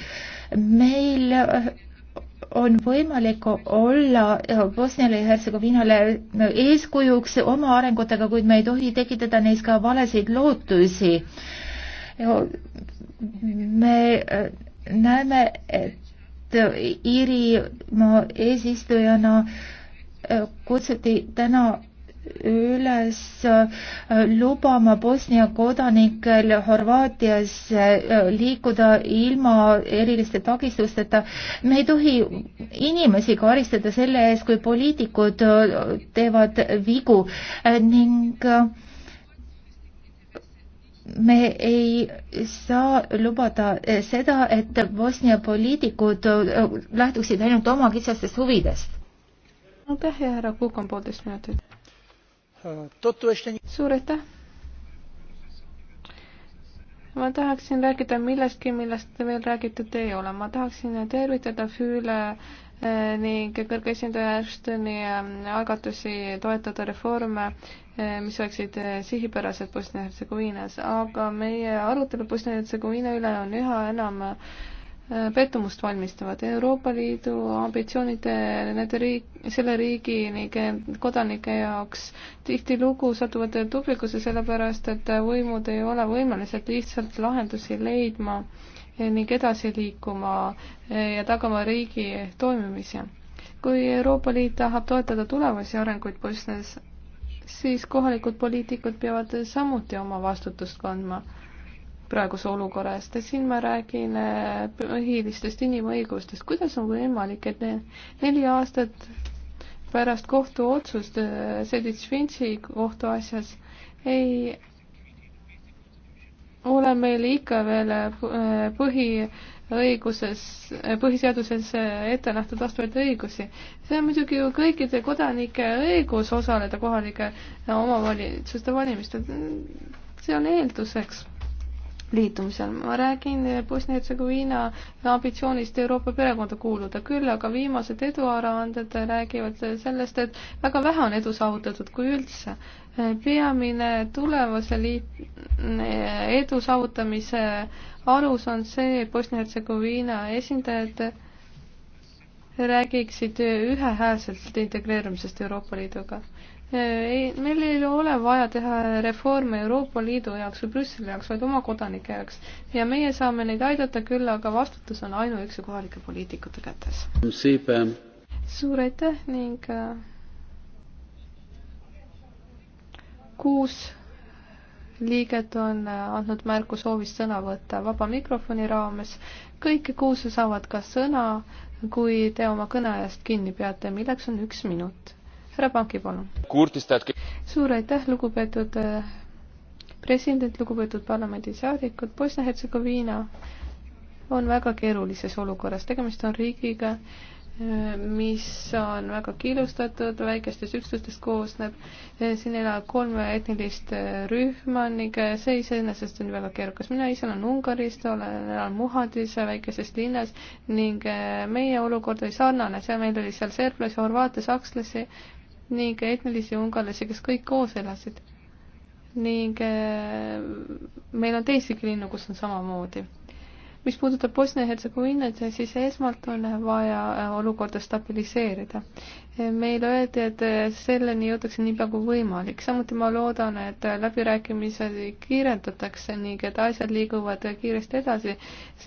meil on võimalik olla Bosniale ja Hertsegoviinale eeskujuks oma arengutega, kuid me ei tohi tekitada neis ka valesid lootusi. E, me e, näeme, et et Iirimaa eesistujana äh, kutsuti täna üles äh, lubama Bosnia kodanikel Horvaatias äh, liikuda ilma eriliste takistusteta. me ei tohi inimesi karistada selle eest, kui poliitikud teevad vigu ning me ei saa lubada eh, seda, et Bosnia poliitikud eh, lähtuksid ainult oma kitsastest huvidest. aitäh ja härra Kukan, poolteist minutit. suur aitäh. ma tahaksin rääkida millestki, millest veel räägitud ei ole. ma tahaksin tervitada Füüle Eh, ning kõrge esindaja Ashtoni ehm, algatusi toetada reforme, eh, mis oleksid eh, sihipärased Bosnia-Hertsegoviinas, aga meie arutelu Bosnia-Hertsegoviina üle on üha enam pettumust valmistavad. Euroopa Liidu ambitsioonid nende riik, selle riigi ning kodanike jaoks tihtilugu satuvad tupikusse, sellepärast et võimud ei ole võimelised lihtsalt lahendusi leidma äh, ning edasi liikuma eh, ja tagama riigi toimimise. kui Euroopa Liit tahab toetada tulevasi arenguid Bosnias, siis kohalikud poliitikud peavad samuti oma vastutust kandma praeguse olukorra eest ja siin ma räägin eh, põhilistest inimõigustest. kuidas on võimalik, et neli aastat pärast kohtuotsust eh, Sedic Finci kohtuasjas ei ole meil ikka veel äh, põhiõiguses, põhiseaduses äh, ette nähtud vastavaid õigusi. see on muidugi ju kõikide kodanike õigus osaleda kohalike äh, omavalitsuste valimistel. see on eelduseks liitumisel. ma räägin Bosnia-Hertsegoviina ambitsioonist Euroopa perekonda kuuluda, küll aga viimased eduaruanded räägivad sellest, et väga vähe on edu saavutatud, kui üldse peamine tulevase liit-, edu saavutamise alus on see Bosnia-Hertsegoviina esindajad räägiksid ühehäälselt integreerumisest Euroopa Liiduga. ei, meil ei ole vaja teha reforme Euroopa Liidu jaoks või Brüsseli jaoks, vaid oma kodanike jaoks. ja meie saame neid aidata küll, aga vastutus on ainuüksi kohalike poliitikute kätes. suur aitäh ning äh, kuus liiget on äh, andnud märku soovist sõna võtta vaba mikrofoni raames. kõik kuus saavad ka sõna, kui te oma kõne eest kinni peate, milleks on üks minut. härra Panki, palun. suur aitäh, lugupeetud äh, president, lugupeetud parlamendisaadikud, Bosnia-Hertsegoviina on väga keerulises olukorras, tegemist on riigiga, mis on väga killustatud, väikestest üksustest koosneb. Eh, siin elab kolme etnilist eh, rühma ning eh, see iseenesest on väga keerukas. mina ise olen Ungarist, olen, elan Muhadis, väikeses linnas ning meie olukord oli sarnane, seal meil oli seal serblasi, horvaate, sakslasi ning etnilisi ungarlasi, kes kõik koos elasid. ning meil on teisigi linnu, kus on samamoodi mis puudutab Bosnia-Hertsegoviinat, siis esmalt on vaja äh, olukorda stabiliseerida. Äh, meile öeldi, et äh, selleni jõutakse niipea kui võimalik, samuti ma loodan, et läbirääkimisi kiirendatakse ning et asjad liiguvad kiiresti edasi,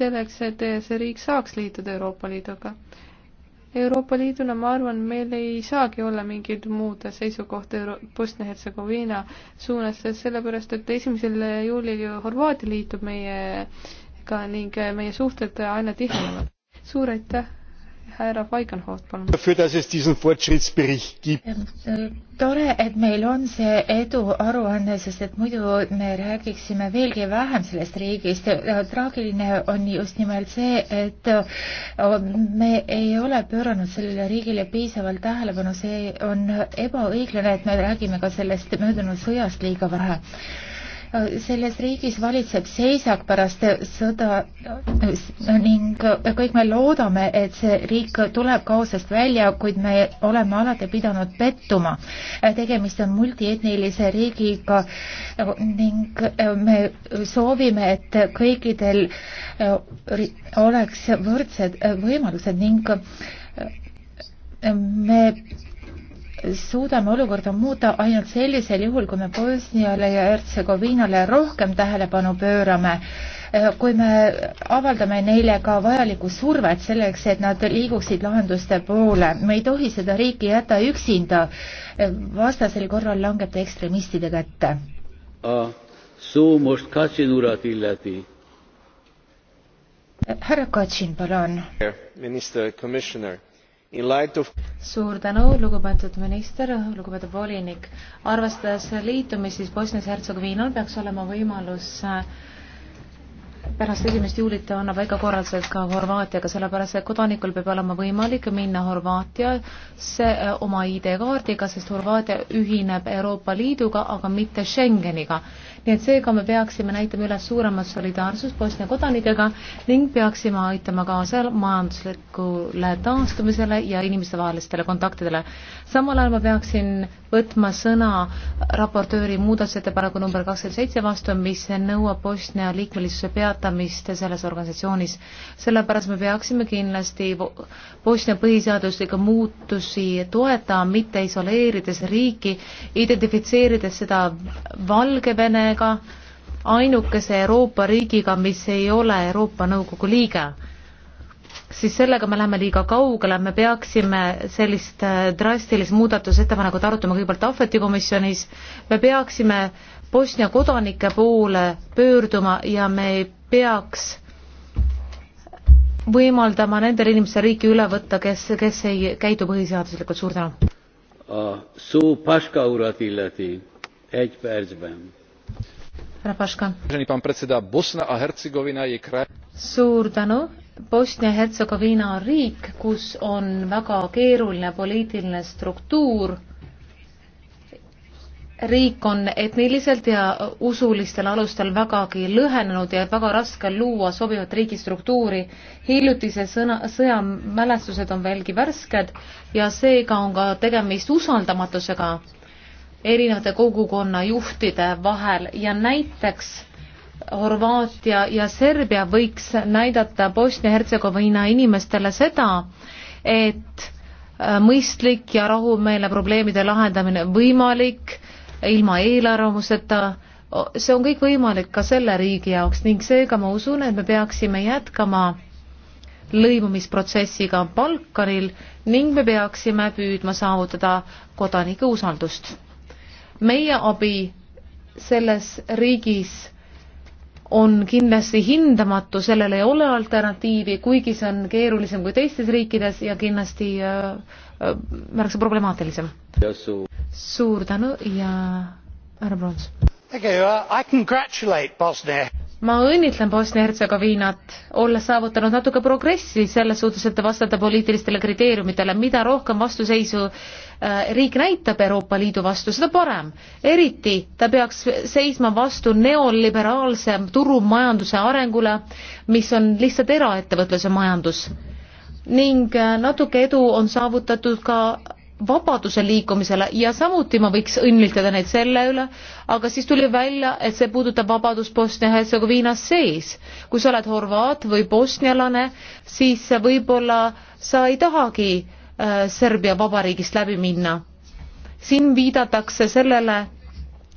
selleks et see riik saaks liituda Euroopa Liiduga. Euroopa Liiduna, ma arvan, meil ei saagi olla mingit muud seisukohta Bosnia-Hertsegoviina suunas, sellepärast et esimesel juulil ju Horvaatia liitub meie äh, Aafrika ning eh, meie suhted eh, aina tihenevad. suur aitäh, härra Feigenhoff, palun. Ähm, äh, tore, et meil on see eduaruanne, sest et muidu me räägiksime veelgi vähem sellest riigist. Äh, traagiline on just nimelt see, et äh, me ei ole pööranud sellele riigile piisavalt tähelepanu, see on ebaõiglane, et me räägime ka sellest möödunud sõjast liiga vähe selles riigis valitseb seisak pärast sõda ning kõik me loodame, et see riik tuleb kaosest välja, kuid me oleme alati pidanud pettuma. tegemist on multietnilise riigiga ning me soovime, et kõikidel oleks võrdsed võimalused ning me suudame olukorda muuta ainult sellisel juhul, kui me Bosniale ja Hertsegoviinale rohkem tähelepanu pöörame. Äh, kui me avaldame neile ka vajalikku survet selleks, et nad liiguksid lahenduste poole, me ei tohi seda riiki jätta üksinda, äh, vastasel korral langeb ta ekstremistide kätte. Äh, härra Katšin, palun. minister, komisjonär Of... suur tänu, lugupeetud minister, lugupeetud volinik. arvestades liitumist, siis Bosnias-Hertsegoviinal peaks olema võimalus äh, pärast esimest juulit annab väga korraldused ka Horvaatiaga, sellepärast et kodanikul peab olema võimalik minna Horvaatiasse äh, oma ID-kaardiga, sest Horvaatia ühineb Euroopa Liiduga, aga mitte Schengeniga. nii et seega me peaksime näitama üles suuremat solidaarsust Bosnia kodanikega ning peaksime aitama kaasa majanduslikule taastumisele ja inimestevahelistele kontaktidele. samal ajal ma peaksin võtma sõna raportööri muudatusettepaneku number kakskümmend seitse vastu, mis nõuab Bosnia liikmelisuse peatamist toetamist selles organisatsioonis. sellepärast me peaksime kindlasti Bosnia põhiseaduslikke muutusi toetama, mitte isoleerides riiki, identifitseerides seda Valgevenega, ainukese Euroopa riigiga, mis ei ole Euroopa Nõukogu liige siis sellega me läheme liiga kaugele, me peaksime sellist äh, drastilist muudatusettepanekut arutama kõigepealt Ahveti komisjonis, me peaksime Bosnia kodanike poole pöörduma ja me ei peaks võimaldama nendel inimestel riiki üle võtta, kes, kes ei käidu põhiseaduslikult, suur tänu. Suu Paška uratilati, Ed Pärsben. härra Paška. suur tänu. Bosnia-Hertsegoviina on riik, kus on väga keeruline poliitiline struktuur riik on etniliselt ja usulistel alustel vägagi lõhenenud ja väga raske luua sobivat riigistruktuuri. hiljutise sõna, sõja mälestused on veelgi värsked ja seega on ka tegemist usaldamatusega erinevate kogukonna juhtide vahel ja näiteks Horvaatia ja Serbia võiks näidata Bosnia-Hertsegoviina inimestele seda, et äh, mõistlik ja rahumeelne probleemide lahendamine võimalik ilma eelarvamuseta, see on kõik võimalik ka selle riigi jaoks ning seega ma usun, et me peaksime jätkama lõimumisprotsessiga Balkanil ning me peaksime püüdma saavutada kodanike usaldust. meie abi selles riigis on kindlasti hindamatu, sellel ei ole alternatiivi, kuigi see on keerulisem kui teistes riikides ja kindlasti äh, äh märksa problemaatilisem suur tänu ja härra Brons. Uh, ma õnnitlen Bosnia-Hertsegoviinat, olles saavutanud natuke progressi selles suhtes, et vastata poliitilistele kriteeriumitele, mida rohkem vastuseisu äh, riik näitab Euroopa Liidu vastu, seda parem. eriti ta peaks seisma vastu neoliberaalse turumajanduse arengule, mis on lihtsalt eraettevõtluse majandus ning äh, natuke edu on saavutatud ka vabaduse liikumisele ja samuti ma võiks õnnitleda neid selle üle, aga siis tuli välja, et see puudutab vabadust Bosnia-Hertsegoviinas sees. kui sa oled horvaat või bosnialane, siis võib-olla sa ei tahagi äh, Serbia vabariigist läbi minna. siin viidatakse sellele,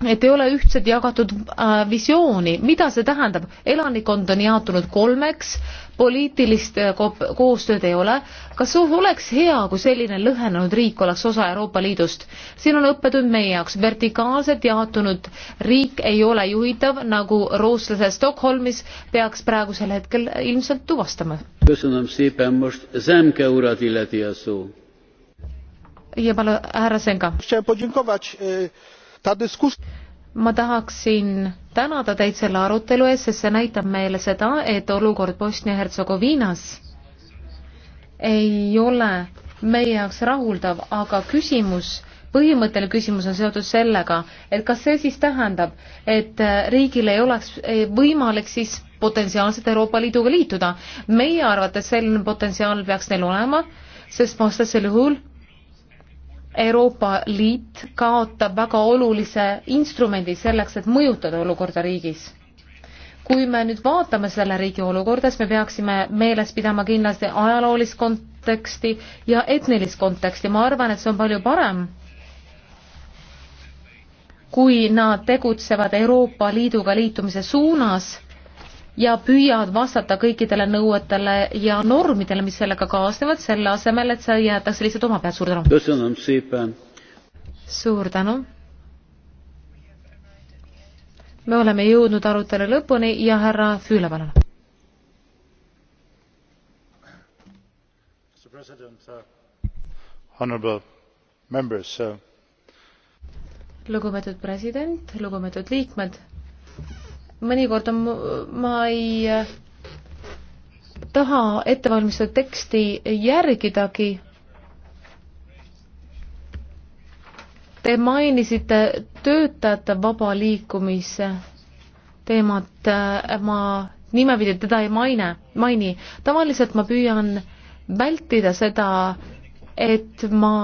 et ei ole ühtset jagatud äh, visiooni, mida see tähendab, elanikkond on jaotunud kolmeks, poliitilist äh, ko koostööd ei ole, kas oleks hea, kui selline lõhenenud riik oleks osa Euroopa Liidust? siin on õppetund meie jaoks, vertikaalselt jaotunud riik ei ole juhitav, nagu rootslase Stockholmis peaks praegusel hetkel ilmselt tuvastama. ja palun, härra Senga ma tahaksin tänada teid selle arutelu eest, sest see näitab meile seda, et olukord Bosnia-Hertsegoviinas ei ole meie jaoks rahuldav, aga küsimus, põhimõtteline küsimus on seotud sellega, et kas see siis tähendab, et riigil ei oleks võimalik siis potentsiaalselt Euroopa Liiduga liituda. meie arvates selline potentsiaal peaks neil olema, sest vastasel juhul Euroopa Liit kaotab väga olulise instrumendi selleks, et mõjutada olukorda riigis. kui me nüüd vaatame selle riigi olukorda, siis me peaksime meeles pidama kindlasti ajaloolist konteksti ja etnilist konteksti, ma arvan, et see on palju parem, kui nad tegutsevad Euroopa Liiduga liitumise suunas ja püüavad vastata kõikidele nõuetele ja normidele, mis sellega kaasnevad, selle asemel, et see jäetakse lihtsalt oma pead, suur tänu. suur tänu. me oleme jõudnud arutelu lõpuni ja härra Füüle, palun. Uh, uh, lugupeetud president, lugupeetud liikmed mõnikord on, ma ei äh, taha ettevalmistatud teksti järgidagi. Te mainisite töötajate vaba liikumise teemat, äh, ma nimepidi teda ei maine, maini. tavaliselt ma püüan vältida seda, et ma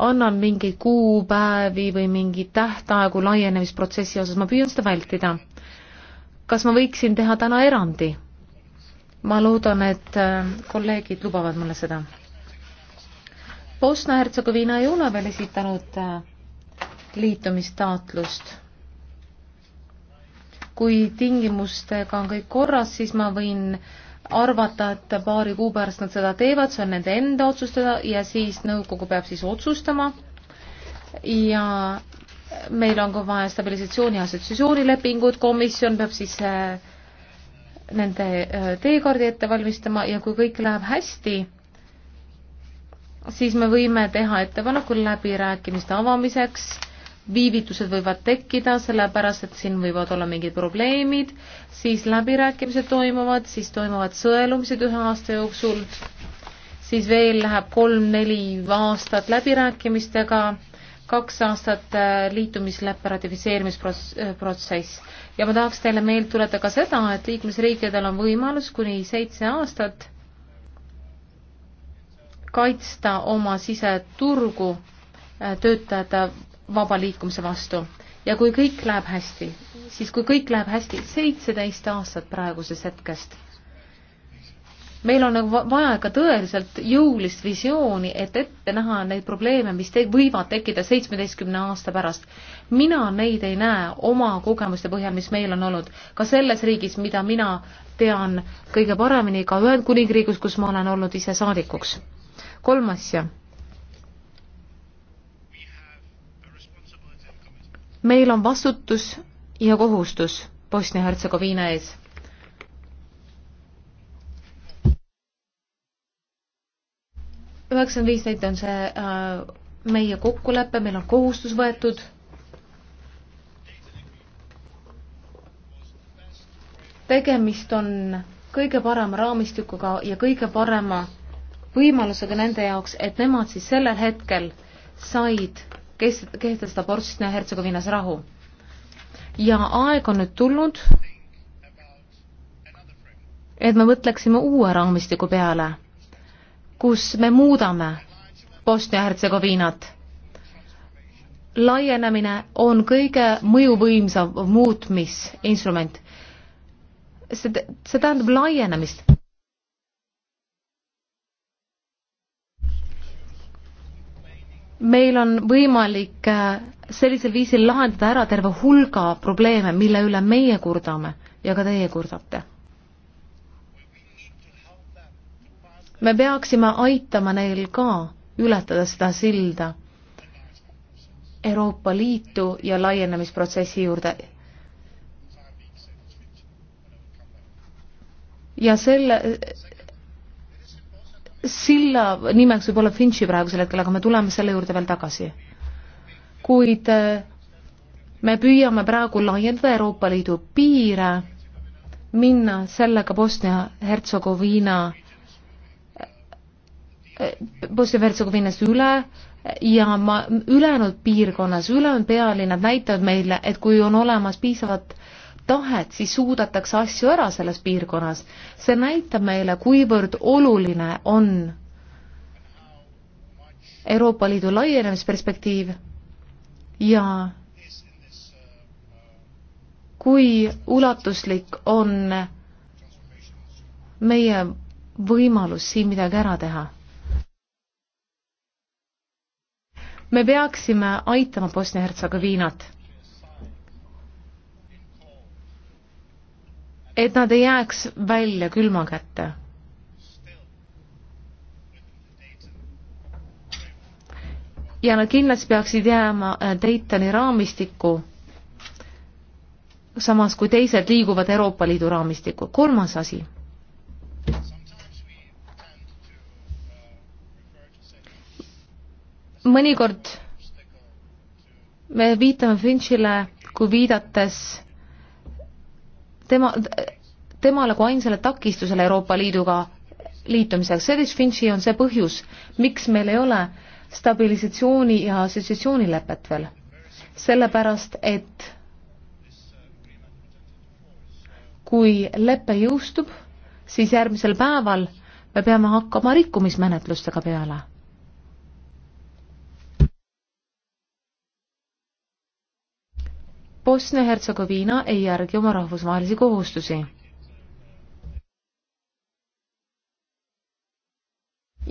annan mingeid kuupäevi või mingeid tähtaegu laienemisprotsessi osas, ma püüan seda vältida kas ma võiksin teha täna erandi? ma loodan, et äh, kolleegid lubavad mulle seda. Bosnia-Hertsegoviina ei ole veel esitanud äh, liitumistaotlust. kui tingimustega on kõik korras, siis ma võin arvata, et paari kuu pärast nad seda teevad, see on nende enda otsustada ja siis nõukogu peab siis otsustama ja meil on ka vaja stabilisatsiooni assotsiatsioonilepingut, komisjon peab siis äh, nende äh, teekaardi ette valmistama ja kui kõik läheb hästi, siis me võime teha ettepaneku läbirääkimiste avamiseks, viivitused võivad tekkida, sellepärast et siin võivad olla mingid probleemid, siis läbirääkimised toimuvad, siis toimuvad sõelumised ühe aasta jooksul, siis veel läheb kolm-neli aastat läbirääkimistega kaks aastat äh, liitumisleppe ratifitseerimisprotsess ja ma tahaks teile meelde tuletada ka seda, et liikmesriikidel on võimalus kuni seitse aastat kaitsta oma siseturgu äh, töötajate vaba liikumise vastu ja kui kõik läheb hästi, siis kui kõik läheb hästi, seitseteist aastat praegusest hetkest meil on nagu vaja ka tõeliselt jõulist visiooni, et ette näha neid probleeme, mis te võivad tekkida seitsmeteistkümne aasta pärast. mina neid ei näe oma kogemuste põhjal, mis meil on olnud ka selles riigis, mida mina tean kõige paremini, ka Ühendkuningriigus, kus ma olen olnud ise saadikuks. kolm asja. meil on vastutus ja kohustus Bosnia-Hertsegoviina ees üheksakümmend viis neid on see äh, meie kokkulepe, meil on kohustus võetud. tegemist on kõige parema raamistikuga ja kõige parema võimalusega nende jaoks, et nemad siis sellel hetkel said kehtestada Bosnia-Hertsegoviinas rahu. ja aeg on nüüd tulnud, et me mõtleksime uue raamistiku peale kus me muudame Bosnia-Hertsegoviinat. laienemine on kõige mõjuvõimsam muutmisinstrument. see, see tähendab laienemist. meil on võimalik äh, sellisel viisil lahendada ära terve hulga probleeme, mille üle meie kurdame ja ka teie kurdate me peaksime aitama neil ka ületada seda silda Euroopa Liitu ja laienemisprotsessi juurde. ja selle, silla nimeks võib olla Finchi praegusel hetkel, aga me tuleme selle juurde veel tagasi. kuid eh, me püüame praegu laiendada Euroopa Liidu piire, minna sellega Bosnia-Hertsegoviina Bosnia-Hertsegoviinas üle ja ma, ülejäänud piirkonnas, ülejäänud pealinnad näitavad meile, et kui on olemas piisavat tahet, siis suudetakse asju ära selles piirkonnas. see näitab meile, kuivõrd oluline on Euroopa Liidu laienemisperspektiiv ja kui ulatuslik on meie võimalus siin midagi ära teha me peaksime aitama Bosnia-Hertsegoviinat. et nad ei jääks välja külma kätte. ja nad kindlasti peaksid jääma äh, Daytoni raamistikku, samas kui teised liiguvad Euroopa Liidu raamistikku. kolmas asi mõnikord me viitame Finchile kui viidates tema, temale kui ainsale takistusele Euroopa Liiduga liitumiseks, Edith Finchi on see põhjus, miks meil ei ole stabilisatsiooni ja assotsiatsioonilepet veel. sellepärast, et kui lepe jõustub, siis järgmisel päeval me peame hakkama rikkumismenetlustega peale Bosnia-Hertsegoviina ei järgi oma rahvusvahelisi kohustusi.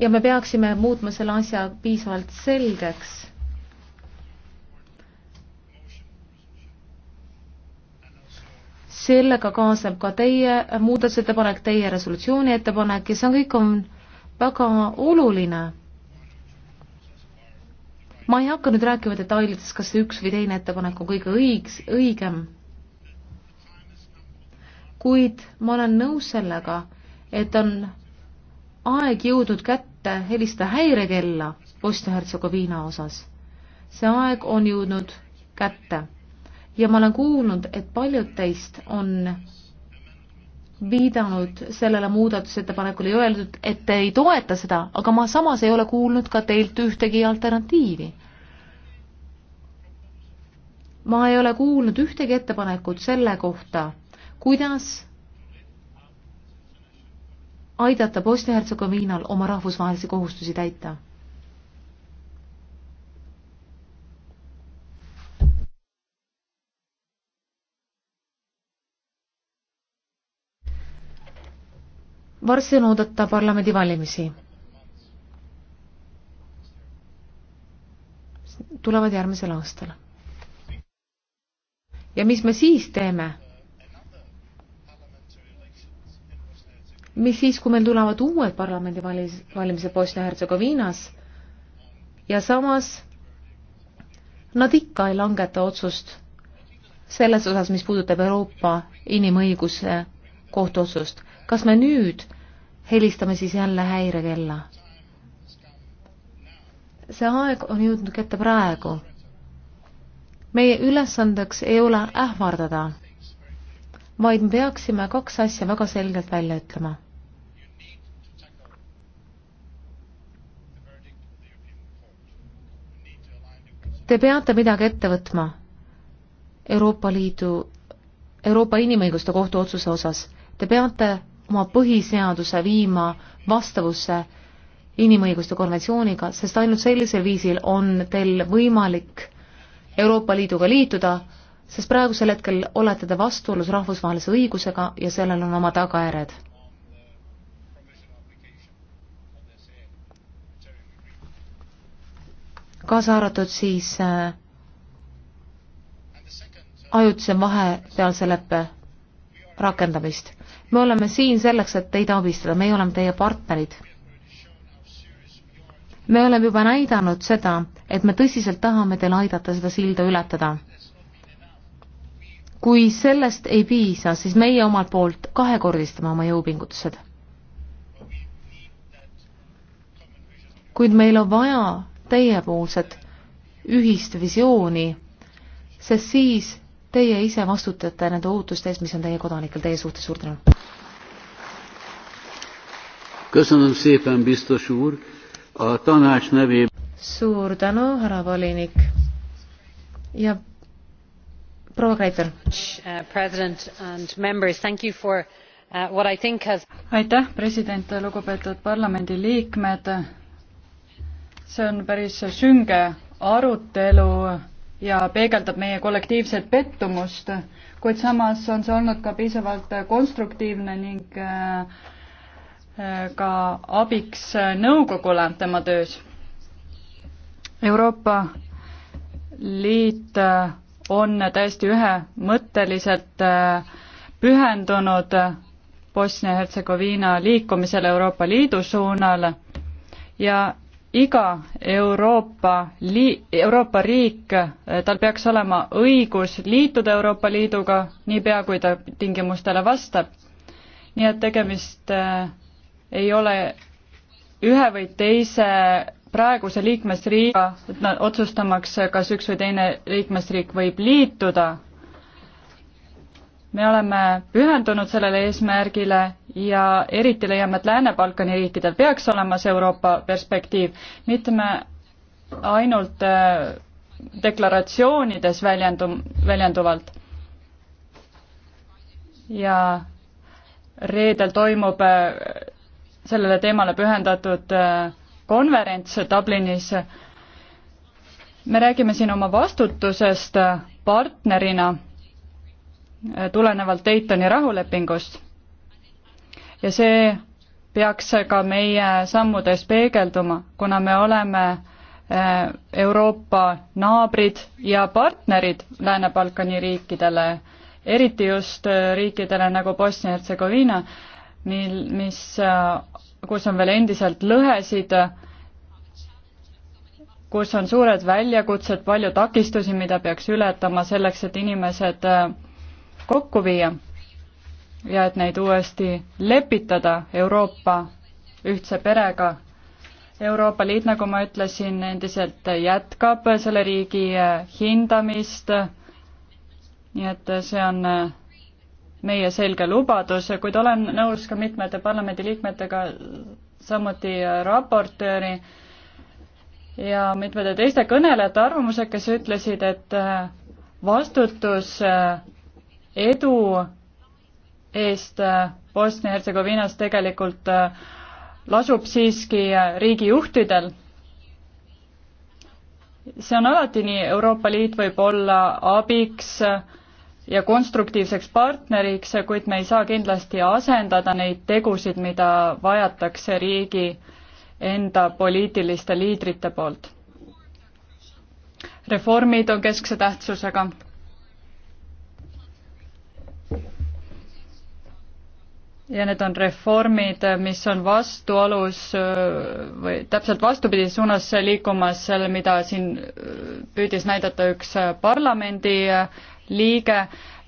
ja me peaksime muutma selle asja piisavalt selgeks. sellega kaasneb ka teie muudatusettepanek, teie resolutsiooni ettepanek ja see on, kõik on väga oluline ma ei hakka nüüd rääkima detailides, kas see üks või teine ettepanek on kõige õigs, õigem, kuid ma olen nõus sellega, et on aeg jõudnud kätte helistada häirekella Bosnia-Hertsegoviina osas. see aeg on jõudnud kätte ja ma olen kuulnud, et paljud teist on viidanud sellele muudatusettepanekule ja öeldud, et te ei toeta seda, aga ma samas ei ole kuulnud ka teilt ühtegi alternatiivi. ma ei ole kuulnud ühtegi ettepanekut selle kohta, kuidas aidata Bosnia-Hertsegoviinal oma rahvusvahelisi kohustusi täita Varsti on oodata parlamendivalimisi. tulevad järgmisel aastal. ja mis me siis teeme? mis siis, kui meil tulevad uued parlamendivalimised Bosnia-Hertsegoviinas ja samas nad ikka ei langeta otsust selles osas, mis puudutab Euroopa inimõiguse kohtuotsust kas me nüüd helistame siis jälle häirekella? see aeg on jõudnud kätte praegu. meie ülesandeks ei ole ähvardada, vaid me peaksime kaks asja väga selgelt välja ütlema. Te peate midagi ette võtma Euroopa Liidu, Euroopa Inimõiguste Kohtu otsuse osas. Te peate oma põhiseaduse viima vastavusse inimõiguste konventsiooniga, sest ainult sellisel viisil on teil võimalik Euroopa Liiduga liituda, sest praegusel hetkel olete te vastuolus rahvusvahelise õigusega ja sellel on oma tagajärjed. kaasa arvatud siis äh, ajutise vahepealse leppe rakendamist me oleme siin selleks, et teid abistada, meie oleme teie partnerid. me oleme juba näidanud seda, et me tõsiselt tahame teil aidata seda silda ületada. kui sellest ei piisa, siis meie omalt poolt kahekordistame oma jõupingutused. kuid meil on vaja teiepoolset ühist visiooni, sest siis teie ise vastutate nende ohutuste eest, mis on teie kodanikel teie suhtes, suur tänu. köszönöm szépen, biztos úr, a tanács nevében. suur tänu, härra volinik. ja proua Kreiter. Uh, president and members, thank you for uh, what I think has. aitäh, president, lugupeetud parlamendiliikmed. see on päris sünge arutelu ja peegeldab meie kollektiivset pettumust, kuid samas on see olnud ka piisavalt konstruktiivne ning äh, äh, ka abiks nõukogule tema töös. Euroopa Liit äh, on täiesti ühemõtteliselt pühendunud Bosnia-Hertsegoviina liikumisele Euroopa Liidu suunal ja iga Euroopa lii-, Euroopa riik, eh, tal peaks olema õigus liituda Euroopa Liiduga niipea, kui ta tingimustele vastab. nii et tegemist eh, ei ole ühe või teise praeguse liikmesriigiga, otsustamaks, kas üks või teine liikmesriik võib liituda me oleme pühendunud sellele eesmärgile ja eriti leiame, et Lääne-Balkani riikidel peaks olema see Euroopa perspektiiv, mitte me ainult äh, deklaratsioonides väljendum, väljenduvalt. ja reedel toimub äh, sellele teemale pühendatud äh, konverents Dublinis. me räägime siin oma vastutusest partnerina tulenevalt Daytoni rahulepingust. ja see peaks ka meie sammudes peegelduma, kuna me oleme eh, Euroopa naabrid ja partnerid Lääne-Balkani riikidele, eriti just eh, riikidele nagu Bosnia-Hertsegoviina, mil, mis, eh, kus on veel endiselt lõhesid, kus on suured väljakutsed, palju takistusi, mida peaks ületama selleks, et inimesed äh, kokku viia ja et neid uuesti lepitada Euroopa ühtse perega. Euroopa Liit, nagu ma ütlesin, endiselt jätkab selle riigi äh, hindamist. nii et see on äh, meie selge lubadus, kuid olen nõus ka mitmete parlamendiliikmetega, samuti äh, raportööri ja mitmete teiste kõnelejate arvamused, kes ütlesid, et vastutus edu eest äh, Bosnia-Hertsegoviinas tegelikult äh, lasub siiski äh, riigi juhtidel. see on alati nii, Euroopa Liit võib olla abiks ja konstruktiivseks partneriks, kuid me ei saa kindlasti asendada neid tegusid, mida vajatakse riigi enda poliitiliste liidrite poolt. reformid on keskse tähtsusega ja need on reformid, mis on vastuolus äh, või täpselt vastupidises suunas liikumas selle, mida siin äh, püüdis näidata üks äh, parlamendi liige,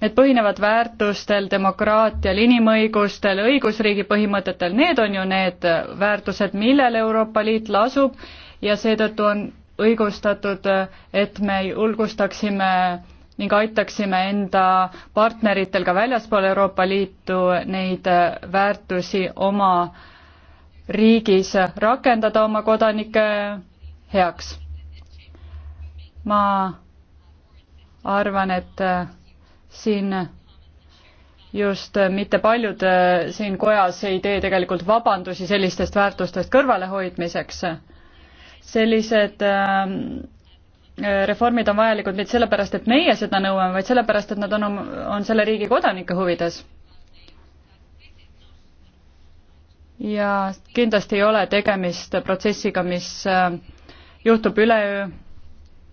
need põhinevad väärtustel, demokraatial, inimõigustel, õigusriigi põhimõtetel, need on ju need väärtused, millel Euroopa Liit lasub ja seetõttu on õigustatud, et me julgustaksime ning aitaksime enda partneritel ka väljaspool Euroopa Liitu neid väärtusi oma riigis rakendada oma kodanike heaks. ma arvan, et siin just mitte paljud siin kojas ei tee tegelikult vabandusi sellistest väärtustest kõrvalehoidmiseks. sellised ähm, reformid on vajalikud mitte sellepärast, et meie seda nõuame, vaid sellepärast, et nad on, on selle riigi kodanike huvides. ja kindlasti ei ole tegemist protsessiga, mis äh, juhtub üleöö,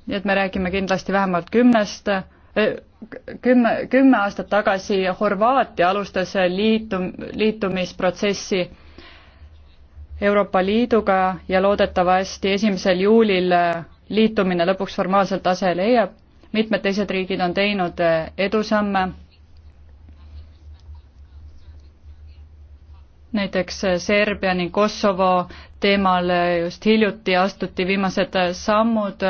nii et me räägime kindlasti vähemalt kümnest, äh, kümme, kümme aastat tagasi Horvaatia alustas liitum-, liitumisprotsessi Euroopa Liiduga ja loodetavasti esimesel juulil äh, liitumine lõpuks formaalselt ase leiab, mitmed teised riigid on teinud äh, edusamme, näiteks äh, Serbia ning Kosovo teemal äh, just hiljuti astuti viimased sammud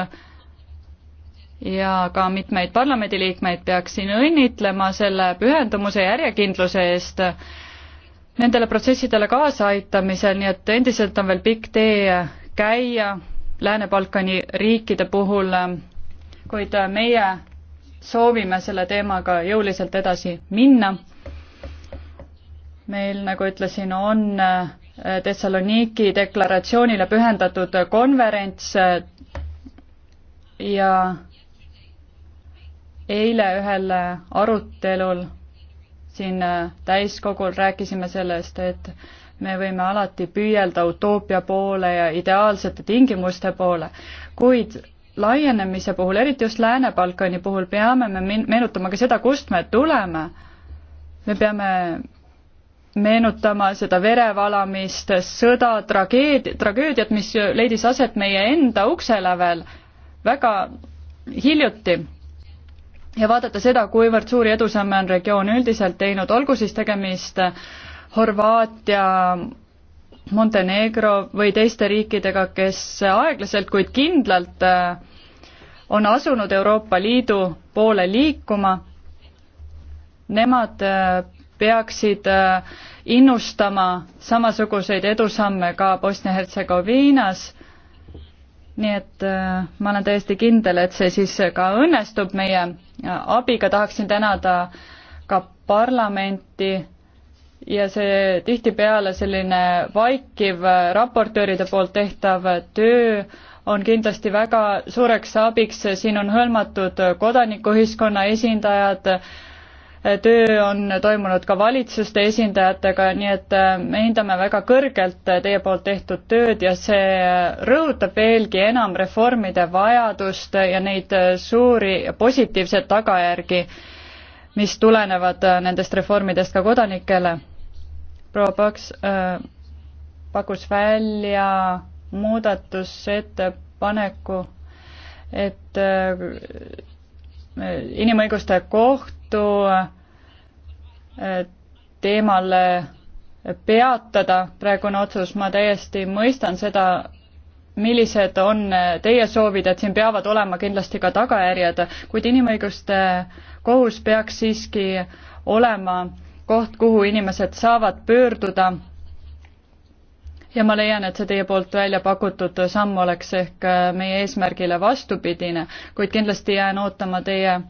ja ka mitmeid parlamendiliikmeid peaksin õnnitlema selle pühendumuse ja järjekindluse eest nendele protsessidele kaasaaitamisel, nii et endiselt on veel pikk tee käia Lääne-Balkani riikide puhul, kuid meie soovime selle teemaga jõuliselt edasi minna. meil, nagu ütlesin, on Thessaloniki deklaratsioonile pühendatud konverents ja eile ühel arutelul siin täiskogul rääkisime sellest, et me võime alati püüelda utoopia poole ja ideaalsete tingimuste poole, kuid laienemise puhul, eriti just Lääne-Balkani puhul, peame me meenutama ka seda, kust me tuleme. me peame meenutama seda verevalamist, sõda, trageedi-, tragöödiat, mis leidis aset meie enda ukse lävel väga hiljuti. ja vaadata seda, kuivõrd suuri edusamme on regioon üldiselt teinud, olgu siis tegemist äh, Horvaatia, Montenegro või teiste riikidega, kes aeglaselt, kuid kindlalt äh, on asunud Euroopa Liidu poole liikuma, nemad äh, peaksid äh, innustama samasuguseid edusamme ka Bosnia-Hertsegoviinas nii et ma olen täiesti kindel, et see siis ka õnnestub meie abiga, tahaksin tänada ka parlamenti ja see tihtipeale selline vaikiv raportööride poolt tehtav töö on kindlasti väga suureks abiks, siin on hõlmatud kodanikuühiskonna esindajad, töö on toimunud ka valitsuste esindajatega, nii et me hindame väga kõrgelt teie poolt tehtud tööd ja see rõhutab veelgi enam reformide vajadust ja neid suuri positiivseid tagajärgi mis tulenevad äh, nendest reformidest ka kodanikele. proua Paks äh, pakkus välja muudatusettepaneku, et äh, inimõiguste kohtu äh, teemal peatada praegune otsus, ma täiesti mõistan seda millised on äh, teie soovid, et siin peavad olema kindlasti ka tagajärjed, kuid inimõiguste äh, kohus peaks siiski olema koht, kuhu inimesed saavad pöörduda. ja ma leian, et see teie poolt välja pakutud samm oleks ehk äh, meie eesmärgile vastupidine, kuid kindlasti jään ootama teie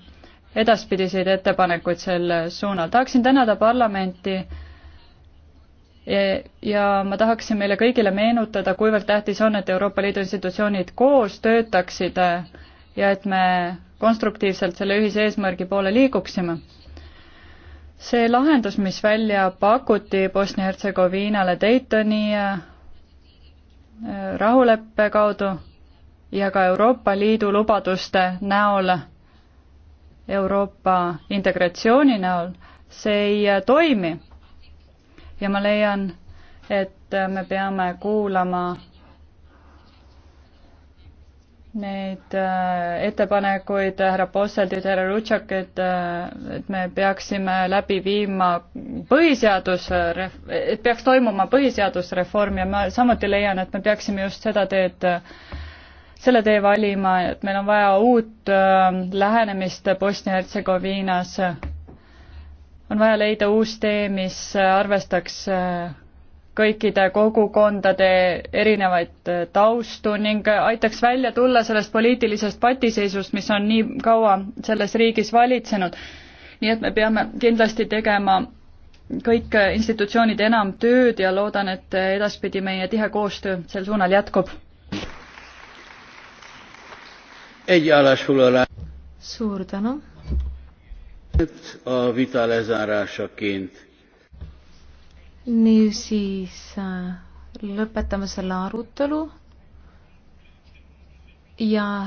edaspidiseid ettepanekuid sel suunal. tahaksin tänada parlamenti ja ma tahaksin meile kõigile meenutada, kuivõrd tähtis on, et Euroopa Liidu institutsioonid koos töötaksid äh, ja et me konstruktiivselt selle ühise eesmärgi poole liiguksime. see lahendus, mis välja pakuti Bosnia-Hertsegoviinale Daytoni äh, rahuleppe kaudu ja ka Euroopa Liidu lubaduste näol, Euroopa integratsiooni näol, see ei äh, toimi ja ma leian, et me peame kuulama neid äh, ettepanekuid härra Posseldit, härra Rutšak, et, äh, et me peaksime läbi viima põhiseadus, et peaks toimuma põhiseadusreform ja ma samuti leian, et me peaksime just seda teed, selle tee valima, et meil on vaja uut äh, lähenemist Bosnia-Hertsegoviinas on vaja leida uus tee, mis arvestaks äh, kõikide kogukondade erinevaid äh, taustu ning aitaks välja tulla sellest poliitilisest patiseisust, mis on nii kaua selles riigis valitsenud. nii et me peame kindlasti tegema kõik institutsioonid enam tööd ja loodan, et edaspidi meie tihe koostöö sel suunal jätkub. suur tänu a vita lezárásaként. niisiis äh, lõpetame selle arutelu ja